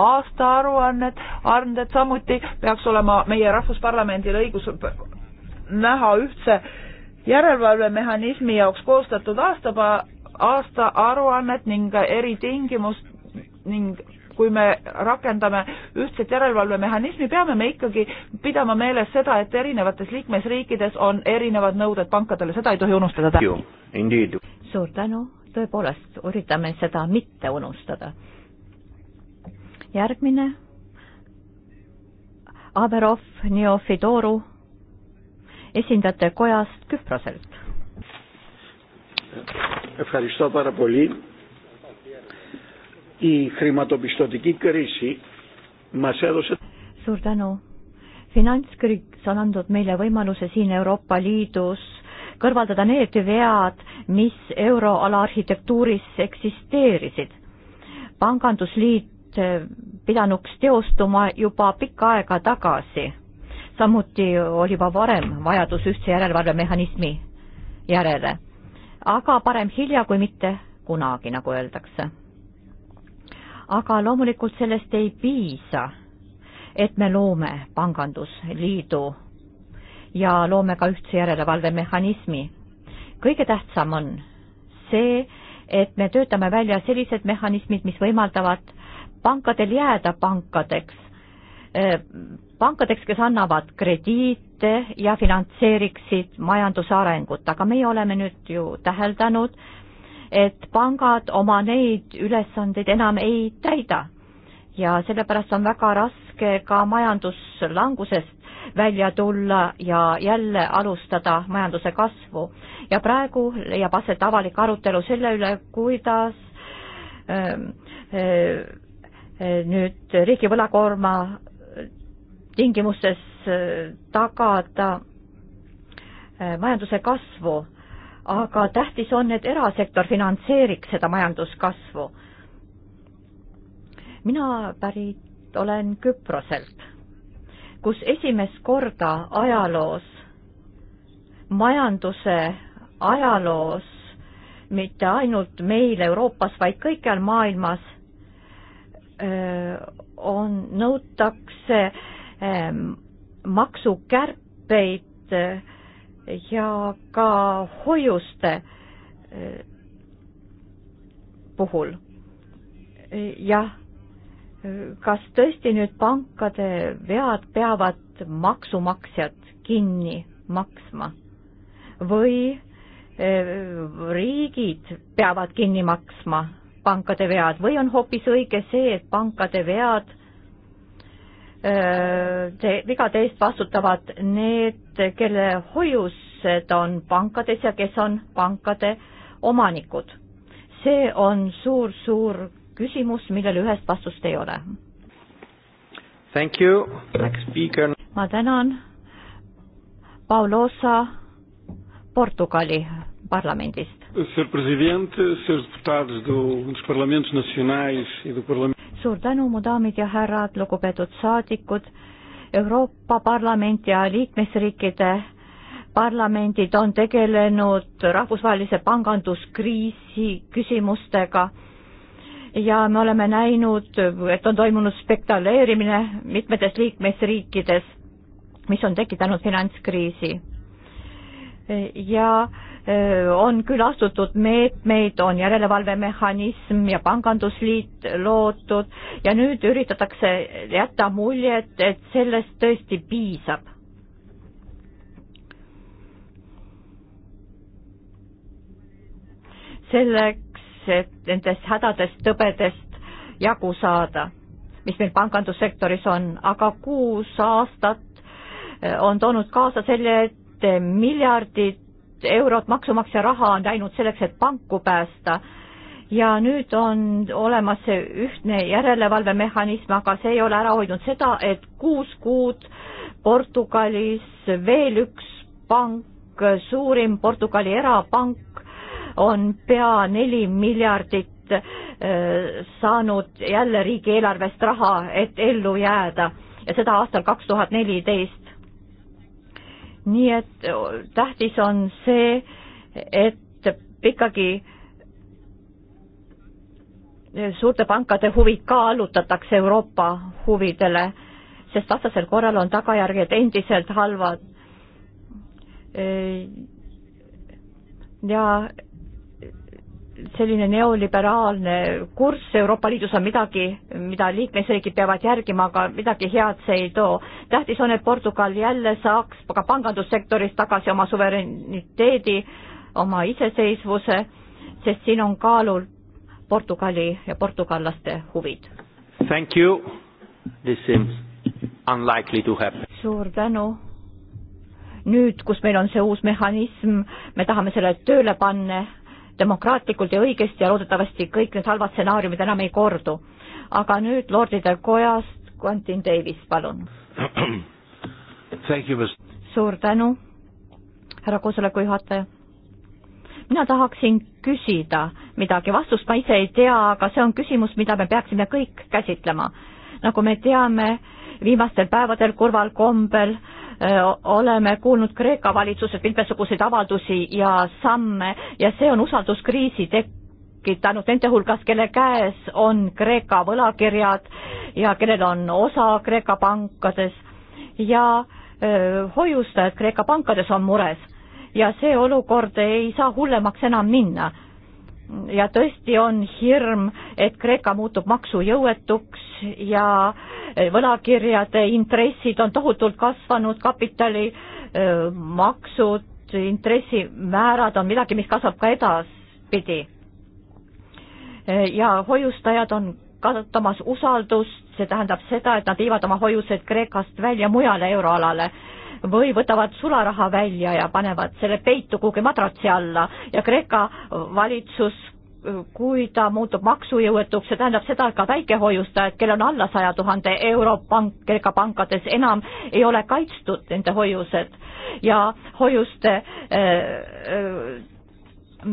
aastaaruannet, anded samuti peaks olema meie Rahvusparlamendil õigus näha ühtse järelevalvemehhanismi jaoks koostatud aastapa, aastaaruannet ning eritingimust ning kui me rakendame ühtset järelevalvemehhanismi, peame me ikkagi pidama meeles seda, et erinevates liikmesriikides on erinevad nõuded pankadele, seda ei tohi unustada. suur tänu, tõepoolest üritame seda mitte unustada järgmine. Averov Neofidoru esindajate kojast Küproselt. Ευχαριστώ πάρα πολύ. Η χρηματοπιστωτική κρίση μας έδωσε... Suur tänu. finantskriis on andnud meile võimaluse siin Euroopa Liidus kõrvaldada need vead, mis euroala arhitektuuris eksisteerisid. pangandusliit Eh, pidanuks teostuma juba pikka aega tagasi. samuti oli juba varem vajadus ühtse järelevalvemehhanismi järele. aga parem hilja kui mitte kunagi, nagu öeldakse. aga loomulikult sellest ei piisa, et me loome pangandusliidu ja loome ka ühtse järelevalvemehhanismi. kõige tähtsam on see, et me töötame välja sellised mehhanismid, mis võimaldavad pankadel jääda pankadeks, äh, pankadeks, kes annavad krediite ja finantseeriksid majanduse arengut, aga meie oleme nüüd ju täheldanud, et pangad oma neid ülesandeid enam ei täida ja sellepärast on väga raske ka majanduslangusest välja tulla ja jälle alustada majanduse kasvu. ja praegu leiab aset avalik arutelu selle üle, kuidas öö, ähm, öö, äh, nüüd riigi võlakoorma tingimustes äh, tagada äh, majanduse kasvu, aga tähtis on, et erasektor finantseeriks seda majanduskasvu. mina pärit olen Küproselt, kus esimest korda ajaloos, majanduse ajaloos, mitte ainult meil Euroopas, vaid kõikjal maailmas on, nõutakse ähm, maksukärpeid äh, ja ka hoiuste äh, puhul. jah, kas tõesti nüüd pankade vead peavad maksumaksjad kinni maksma või äh, riigid peavad kinni maksma pankade vead või on hoopis õige see, et pankade vead te, vigade eest vastutavad need, kelle hoiused on pankades ja kes on pankade omanikud. see on suur-suur küsimus, millele ühest vastust ei ole. Thank you, next speaker. ma tänan. Paulosa Portugali parlamendist. Sr. President, Srs. Deputados do, dos Parlamentos Nacionais e do Parlamento. suur tänu, mu daamid ja härrad, lugupeetud saadikud. Euroopa Parlament ja liikmesriikide parlamendid on tegelenud rahvusvahelise panganduskriisi küsimustega ja me oleme näinud, et on toimunud spektaleerimine mitmetes liikmesriikides, mis on tekitanud finantskriisi. ja äh, on küll astutud meetmeid, on järelevalvemehhanism ja pangandusliit loodud ja nüüd üritatakse jätta muljet, et sellest tõesti piisab. selleks, et nendest hädadest, tõbedest jagu saada, mis meil pangandussektoris on, aga kuus aastat on toonud kaasa selle, et miljardid eurot maksumaksja raha on läinud selleks, et panku päästa. ja nüüd on olemas see ühtne järelevalvemehhanism, aga see ei ole ära hoidnud seda, et kuus kuud Portugalis veel üks pank, suurim Portugali erapank, on pea neli miljardit äh, saanud jälle riigieelarvest raha, et ellu jääda ja seda aastal kaks tuhat neliteist nii et tähtis on see, et ikkagi suurte pankade huvid kaalutatakse Euroopa huvidele, sest vastasel korral on tagajärjed endiselt halvad. ja selline neoliberaalne kurss Euroopa Liidus on midagi, mida liikmesriigid peavad järgima, aga midagi head see ei too. tähtis on, et Portugal jälle saaks ka pangandussektoris tagasi oma suverääniteedi, oma iseseisvuse, sest siin on kaalul Portugali ja portugallaste huvid. Thank you, this seems unlikely to happen. suur tänu nüüd, kus meil on see uus mehhanism, me tahame selle tööle panna demokraatlikult ja õigesti ja loodetavasti kõik need halvad stsenaariumid enam ei kordu. aga nüüd Lordide Kojast, Quentin Davis, palun. suur tänu, härra koosoleku juhataja. mina tahaksin küsida midagi, vastust ma ise ei tea, aga see on küsimus, mida me peaksime kõik käsitlema nagu me teame, viimastel päevadel kurval kombel oleme kuulnud Kreeka valitsuselt mitmesuguseid avaldusi ja samme ja see on usalduskriisi tekitanud nende hulgas, kelle käes on Kreeka võlakirjad ja kellel on osa Kreeka pankades ja öö, hoiustajad Kreeka pankades on mures ja see olukord ei saa hullemaks enam minna ja tõesti on hirm, et Kreeka muutub maksujõuetuks ja eh, võlakirjade intressid on tohutult kasvanud, kapitalimaksud, eh, intressimäärad on midagi, mis kasvab ka edaspidi. Eh, ja hoiustajad on kasutamas usaldust, see tähendab seda, et nad viivad oma hoiused Kreekast välja mujale euroalale või võtavad sularaha välja ja panevad selle peitu kuhugi madratsi alla ja Kreeka valitsus kui ta muutub maksujõuetuks, see tähendab seda, et ka väikehoiustajad, kellel on alla saja tuhande euro pank, Kreeka pankades enam ei ole kaitstud nende hoiused ja hoiuste äh, äh,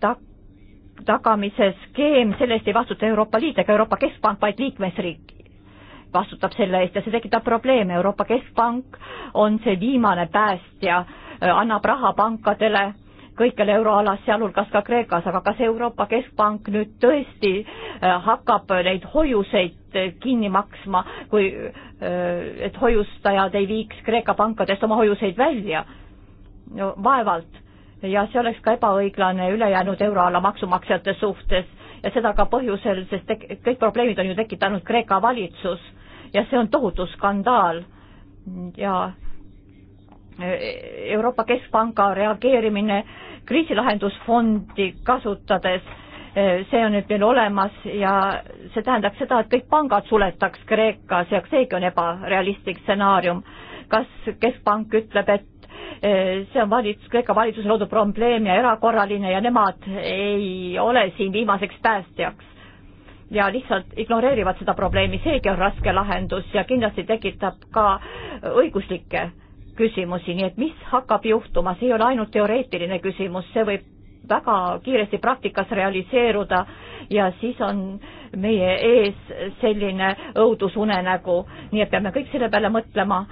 tak-, tagamise skeem, selle eest ei vastuta Euroopa Liit ega Euroopa Keskpank, vaid liikmesriik vastutab selle eest ja see tekitab probleeme. Euroopa Keskpank on see viimane päästja, äh, annab raha pankadele kõikjal euroalas, sealhulgas ka Kreekas, aga kas Euroopa Keskpank nüüd tõesti äh, hakkab neid hoiuseid äh, kinni maksma, kui, et hoiustajad ei viiks Kreeka pankadest oma hoiuseid välja? no vaevalt. ja see oleks ka ebaõiglane ülejäänud euroala maksumaksjate suhtes ja seda ka põhjusel, sest kõik probleemid on ju tekitanud Kreeka valitsus ja see on tohutu skandaal ja e, Euroopa Keskpanga reageerimine kriisilahendusfondi kasutades, e, see on nüüd meil olemas ja see tähendab seda, et kõik pangad suletaks Kreekas ja seegi on ebarealistlik stsenaarium. kas Keskpank ütleb, et e, see on valitsus, Kreeka valitsuse loodud probleem ja erakorraline ja nemad ei ole siin viimaseks päästjaks? ja lihtsalt ignoreerivad seda probleemi, seegi on raske lahendus ja kindlasti tekitab ka õiguslikke küsimusi, nii et mis hakkab juhtuma, see ei ole ainult teoreetiline küsimus, see võib väga kiiresti praktikas realiseeruda ja siis on meie ees selline õudusunenägu, nii et peame kõik selle peale mõtlema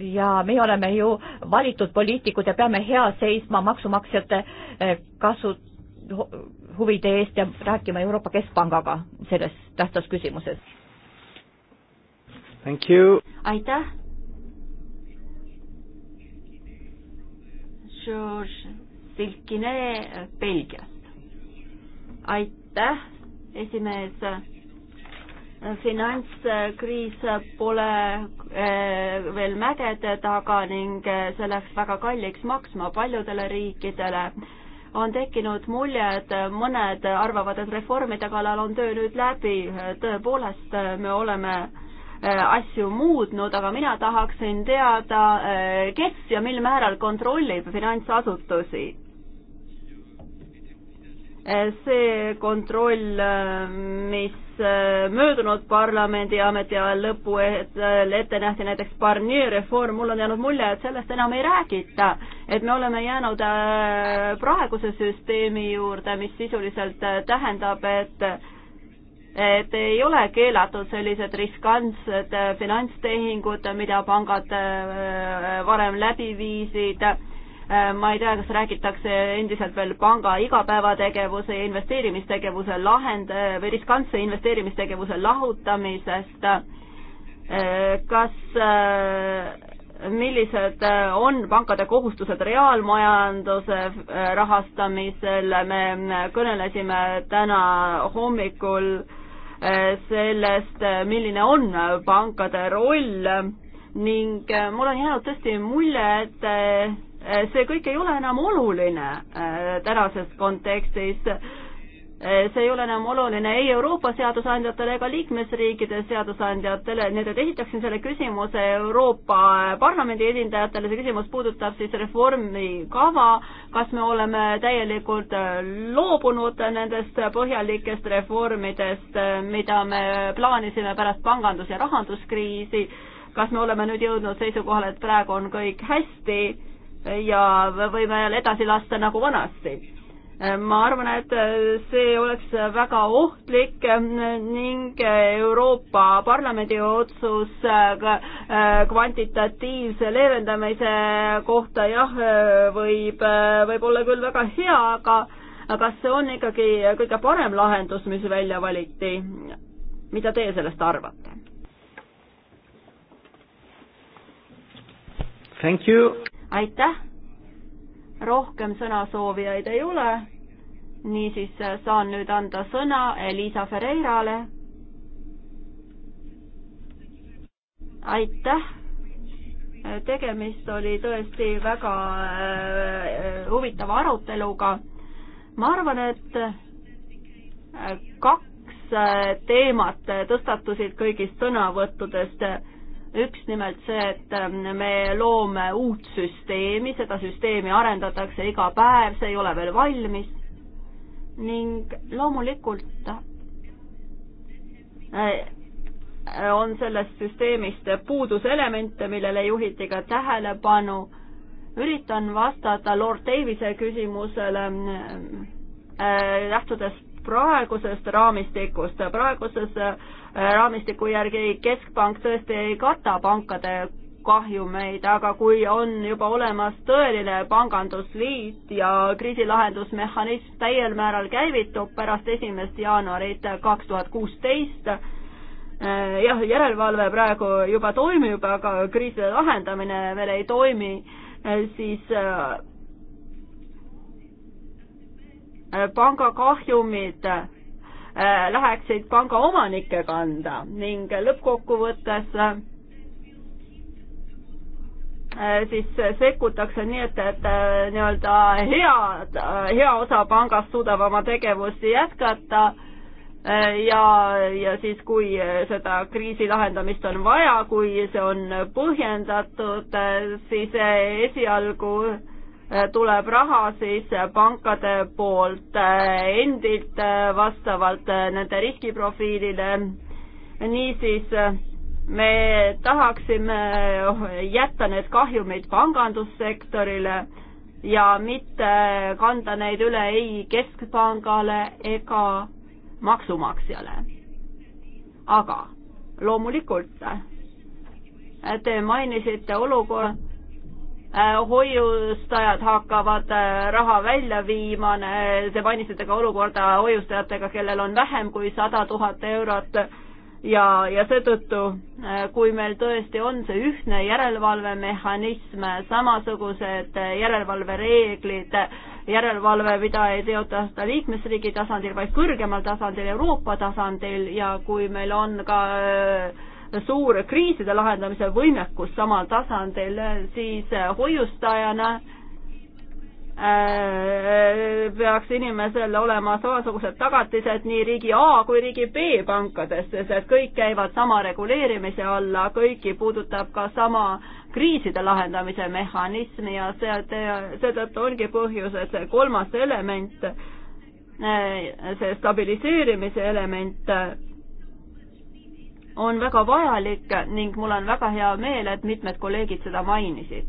ja meie oleme ju valitud poliitikud ja peame hea seisma maksumaksjate kasu huvide eest ja rääkima Euroopa Keskpangaga selles tähtsas küsimuses. aitäh. George Silkine Belgiast. aitäh, esimees finantskriis pole eh, veel mägede taga ning eh, see läks väga kalliks maksma paljudele riikidele on tekkinud mulje, et mõned arvavad, et reformide kallal on töö nüüd läbi, tõepoolest me oleme äh, asju muutnud, aga mina tahaksin teada, äh, kes ja mil määral kontrollib finantsasutusi Eh, see kontroll, eh, mis eh, möödunud parlamendi ametiajal lõpu ette nähti, näiteks Barnier reform, mul on jäänud mulje, et sellest enam ei räägita. et me oleme jäänud praeguse süsteemi juurde, mis sisuliselt tähendab, et et ei ole keelatud sellised riskantsed finantstehingud, mida pangad varem läbi viisid Äh, ma ei tea, kas räägitakse endiselt veel panga igapäevategevuse ja investeerimistegevuse lahend äh, või riskantse investeerimistegevuse lahutamisest. Äh, kas, millised on pankade kohustused reaalmajanduse rahastamisel, me kõnelesime täna hommikul sellest, milline on pankade roll ning mul on jäänud tõesti mulje, et Eh, see kõik ei ole enam oluline eh, tänases kontekstis. Eh, see ei ole enam oluline ei Euroopa seadusandjatele ega liikmesriikide seadusandjatele, nii et esitaksin selle küsimuse Euroopa Parlamendi esindajatele, see küsimus puudutab siis reformikava, kas me oleme täielikult loobunud nendest põhjalikest reformidest, mida me plaanisime pärast pangandus- ja rahanduskriisi, kas me oleme nüüd jõudnud seisukohale, et praegu on kõik hästi ja võime edasi lasta nagu vanasti. ma arvan, et see oleks väga ohtlik ning Euroopa Parlamendi otsus kvantitatiivse leevendamise kohta jah, võib, võib olla küll väga hea, aga kas see on ikkagi kõige parem lahendus, mis välja valiti? mida teie sellest arvate? Thank you aitäh! rohkem sõnasoovijaid ei ole, niisiis äh, saan nüüd anda sõna Elisa Ferreirale. aitäh! Äh, tegemist oli tõesti väga äh, huvitava aruteluga. ma arvan, et kaks teemat tõstatusid kõigist sõnavõttudest üks nimelt see, et ähm, me loome uut süsteemi, seda süsteemi arendatakse iga päev, see ei ole veel valmis ning loomulikult äh, on sellest süsteemist puuduselemente, millele juhiti ka tähelepanu. üritan vastata Lord Davise küsimusele, äh, äh, lähtudes praegusest raamistikust, praeguses äh, raamistiku järgi Keskpank tõesti ei kata pankade kahjumeid, aga kui on juba olemas tõeline pangandusliit ja kriisilahendusmehhanism täiel määral käivitub pärast esimest jaanuarit kaks tuhat kuusteist, äh, jah, järelevalve praegu juba toimib, aga kriiside lahendamine veel ei toimi, äh, siis panga kahjumid äh, läheksid panga omanike kanda ning lõppkokkuvõttes äh, siis sekkutakse nii, et, et äh, nii-öelda head, hea osa pangast suudab oma tegevusi jätkata ja, ja siis, kui seda kriisi lahendamist on vaja, kui see on põhjendatud, siis esialgu tuleb raha siis pankade poolt eh, endilt eh, vastavalt eh, nende riskiprofiilile. niisiis me tahaksime jätta need kahjumid pangandussektorile ja mitte kanda neid üle ei keskpangale ega maksumaksjale. aga loomulikult te mainisite olukorda, Äh, hoiustajad hakkavad äh, raha välja viima, äh, te mainisite ka olukorda hoiustajatega, kellel on vähem kui sada tuhat eurot ja, ja seetõttu, kui meil tõesti on see ühtne järelevalvemehhanism, samasugused järelevalvereeglid, järelevalve, mida ei teotata liikmesriigi tasandil, vaid kõrgemal tasandil, Euroopa tasandil ja kui meil on ka äh, suur kriiside lahendamise võimekus samal tasandil, siis äh, hoiustajana äh, peaks inimesel olema samasugused tagatised nii riigi A kui riigi B pankades, sest kõik käivad sama reguleerimise alla, kõiki puudutab ka sama kriiside lahendamise mehhanism ja see, seetõttu ongi põhjus, et see kolmas element, äh, see stabiliseerimise element on väga vajalik ning mul on väga hea meel, et mitmed kolleegid seda mainisid.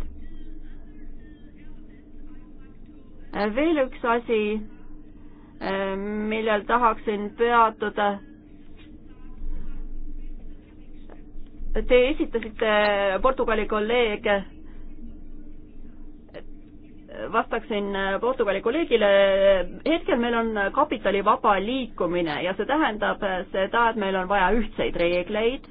veel üks asi, millel tahaksin peatuda. Te esitasite Portugali kolleege vastaksin äh, Portugali kolleegile, hetkel meil on kapitali vaba liikumine ja see tähendab äh, seda, et meil on vaja ühtseid reegleid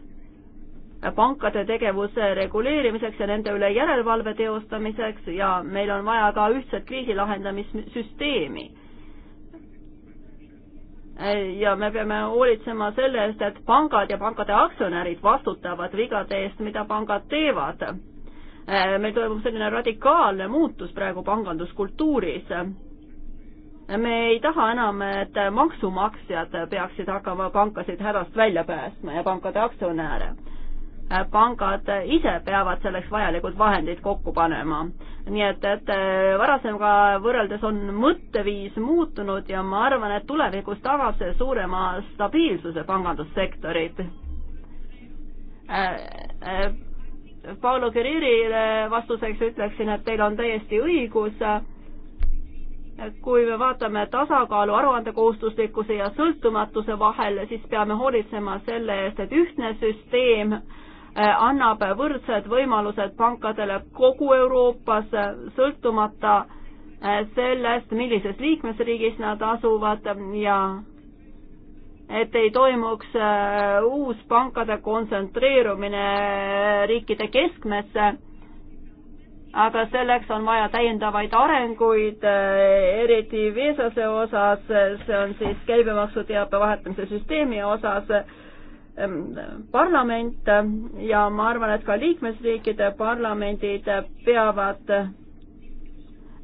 äh, pankade tegevuse reguleerimiseks ja nende üle järelevalve teostamiseks ja meil on vaja ka ühtset kriisi lahendamissüsteemi. ja me peame hoolitsema selle eest, et pangad ja pankade aktsionärid vastutavad vigade eest, mida pangad teevad Äh, meil toimub selline radikaalne muutus praegu panganduskultuuris. me ei taha enam, et maksumaksjad peaksid hakkama pankasid hädast välja päästma ja pankade aktsionäre. Äh, pangad ise peavad selleks vajalikud vahendid kokku panema. nii et, et äh, varasemaga võrreldes on mõtteviis muutunud ja ma arvan, et tulevikus tagab see suurema stabiilsuse pangandussektorit Paolo Guerrerile vastuseks ütleksin, et teil on täiesti õigus. kui me vaatame tasakaalu aruandekohustuslikkuse ja sõltumatuse vahel, siis peame hoolitsema selle eest, et ühtne süsteem äh, annab võrdsed võimalused pankadele kogu Euroopas, sõltumata äh, sellest, millises liikmesriigis nad asuvad ja et ei toimuks äh, uus pankade kontsentreerumine äh, riikide keskmesse, aga selleks on vaja täiendavaid arenguid, äh, eriti Vesase osas, see on siis käibemaksuteabe vahetamise süsteemi osas, ähm, parlament ja ma arvan, et ka liikmesriikide parlamendid peavad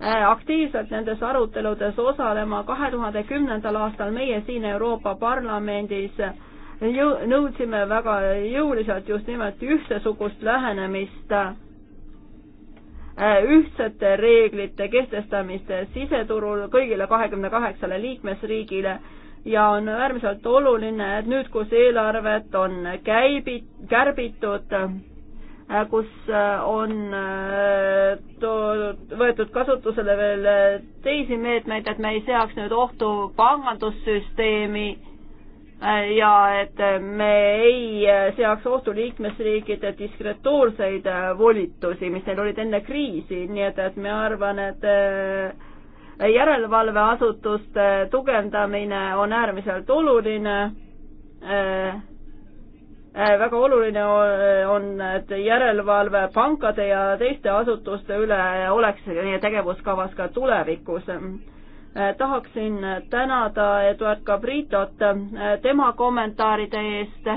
Äh, aktiivselt nendes aruteludes osalema. kahe tuhande kümnendal aastal meie siin Euroopa Parlamendis jõu-, nõudsime väga jõuliselt just nimelt ühtesugust lähenemist, äh, ühtsete reeglite kehtestamist siseturul kõigile kahekümne kaheksale liikmesriigile ja on äärmiselt oluline, et nüüd, kus eelarvet on käibi-, kärbitud, Äh, kus äh, on äh, toodud, võetud kasutusele veel teisi meetmeid, et me ei seaks nüüd ohtu pangandussüsteemi ja et me ei seaks ohtu liikmesriikide diskretoorseid volitusi, mis neil olid enne kriisi, nii et, et ma arvan, et järelevalveasutuste tugevdamine on äärmiselt oluline Äh, väga oluline on, et järelevalve pankade ja teiste asutuste üle oleks meie tegevuskavas ka tulevikus. Äh, tahaksin tänada Eduard Cabritot äh, tema kommentaaride eest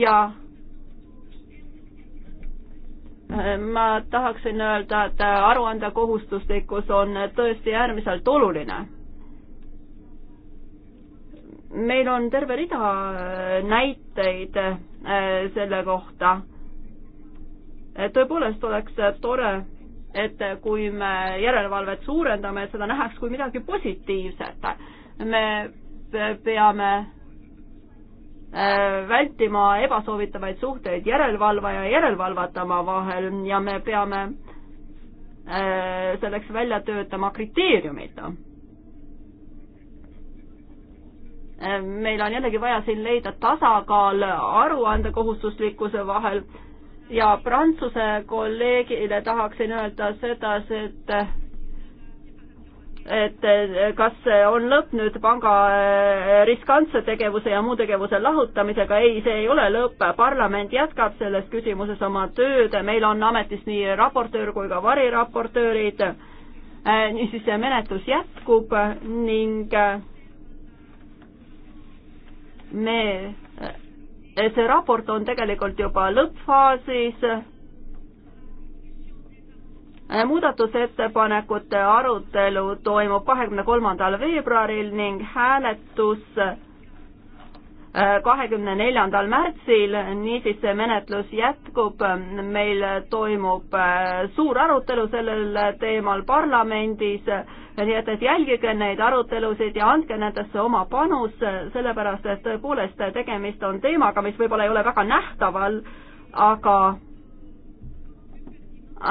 ja ma tahaksin öelda, et aruandekohustuslikkus on tõesti äärmiselt oluline meil on terve rida äh, näiteid äh, selle kohta. tõepoolest oleks tore, et kui me järelevalvet suurendame, et seda nähaks kui midagi positiivset. me peame äh, vältima ebasoovitavaid suhteid järelevalva ja järelevalvatama vahel ja me peame selleks välja töötama kriteeriumid meil on jällegi vaja siin leida tasakaal aruandekohustuslikkuse vahel ja Prantsuse kolleegile tahaksin öelda seda, et et kas on lõpp nüüd panga äh, riskantse tegevuse ja muu tegevuse lahutamisega, ei, see ei ole lõpp, parlament jätkab selles küsimuses oma tööd, meil on ametis nii raportöör kui ka variraportöörid, äh, niisiis see menetlus jätkub ning äh, me, et see raport on tegelikult juba lõppfaasis. muudatusettepanekute arutelu toimub kahekümne kolmandal veebruaril ning hääletus kahekümne neljandal märtsil, niisiis see menetlus jätkub, meil toimub äh, suur arutelu sellel teemal parlamendis, nii et, et jälgige neid arutelusid ja andke nendesse oma panus, sellepärast et tõepoolest tegemist on teemaga, mis võib-olla ei ole väga nähtaval, aga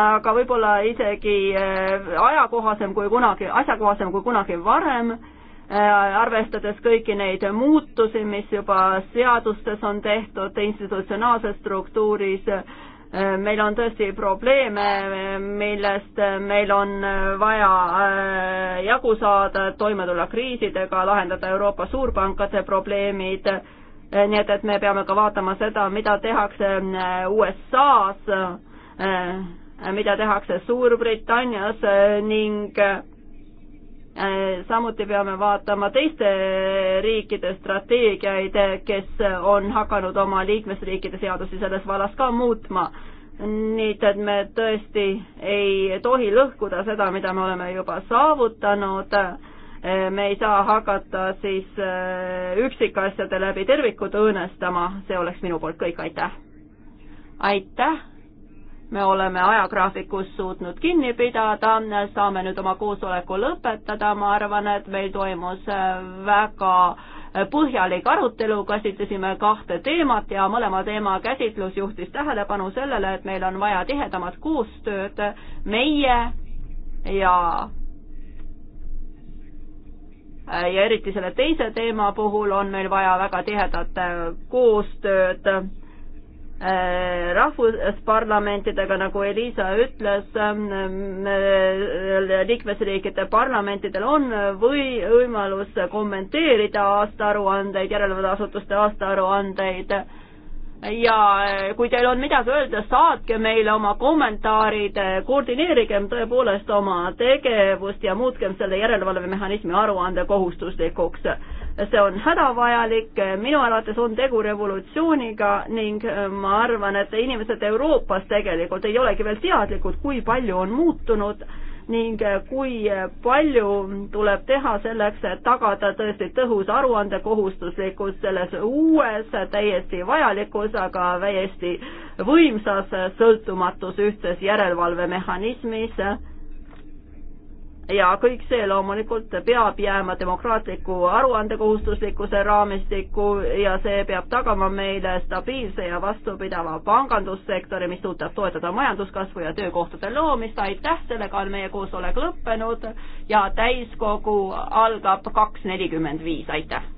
aga võib-olla isegi äh, ajakohasem kui kunagi, asjakohasem kui kunagi varem Äh, arvestades kõiki neid muutusi, mis juba seadustes on tehtud, institutsionaalses struktuuris, äh, meil on tõesti probleeme, millest meil on vaja äh, jagu saada, et toime tulla kriisidega, lahendada Euroopa suurpankade probleemid, nii et, et me peame ka vaatama seda, mida tehakse USA-s, mida tehakse Suurbritannias ning Äh, samuti peame vaatama teiste riikide strateegiaid, kes on hakanud oma liikmesriikide seadusi selles vallas ka muutma. nii et, et me tõesti ei tohi lõhkuda seda, mida me oleme juba saavutanud, äh, me ei saa hakata siis äh, üksikasjade läbi tervikut õõnestama, see oleks minu poolt kõik, aitäh! aitäh! me oleme ajagraafikust suutnud kinni pidada, saame nüüd oma koosoleku lõpetada, ma arvan, et meil toimus äh, väga äh, põhjalik arutelu, käsitlesime kahte teemat ja mõlema teema käsitlus juhtis tähelepanu sellele, et meil on vaja tihedamat koostööd meie ja äh, ja eriti selle teise teema puhul on meil vaja väga tihedat koostööd Äh, rahvusparlamentidega, nagu Elisa ütles, ähm, äh, liikmesriikide parlamentidel on või võimalus kommenteerida aastaaruandeid, järelevalveasutuste aastaaruandeid ja äh, kui teil on midagi öelda, saatke meile oma kommentaarid, koordineerigem tõepoolest oma tegevust ja muutkem selle järelevalvemehhanismi aruande kohustuslikuks see on hädavajalik, minu arvates on tegu revolutsiooniga ning äh, ma arvan, et inimesed Euroopas tegelikult ei olegi veel teadlikud, kui palju on muutunud ning äh, kui palju tuleb teha selleks, et tagada tõesti tõhus aruandekohustuslikkus selles uues, täiesti vajalikus, aga täiesti võimsas sõltumatus ühtses järelevalvemehhanismis ja kõik see loomulikult peab jääma demokraatliku aruandekohustuslikkuse raamistikku ja see peab tagama meile stabiilse ja vastupidava pangandussektori, mis suudab toetada majanduskasvu ja töökohtade loomist, aitäh, sellega on meie koosolek lõppenud ja täiskogu algab kaks nelikümmend viis, aitäh!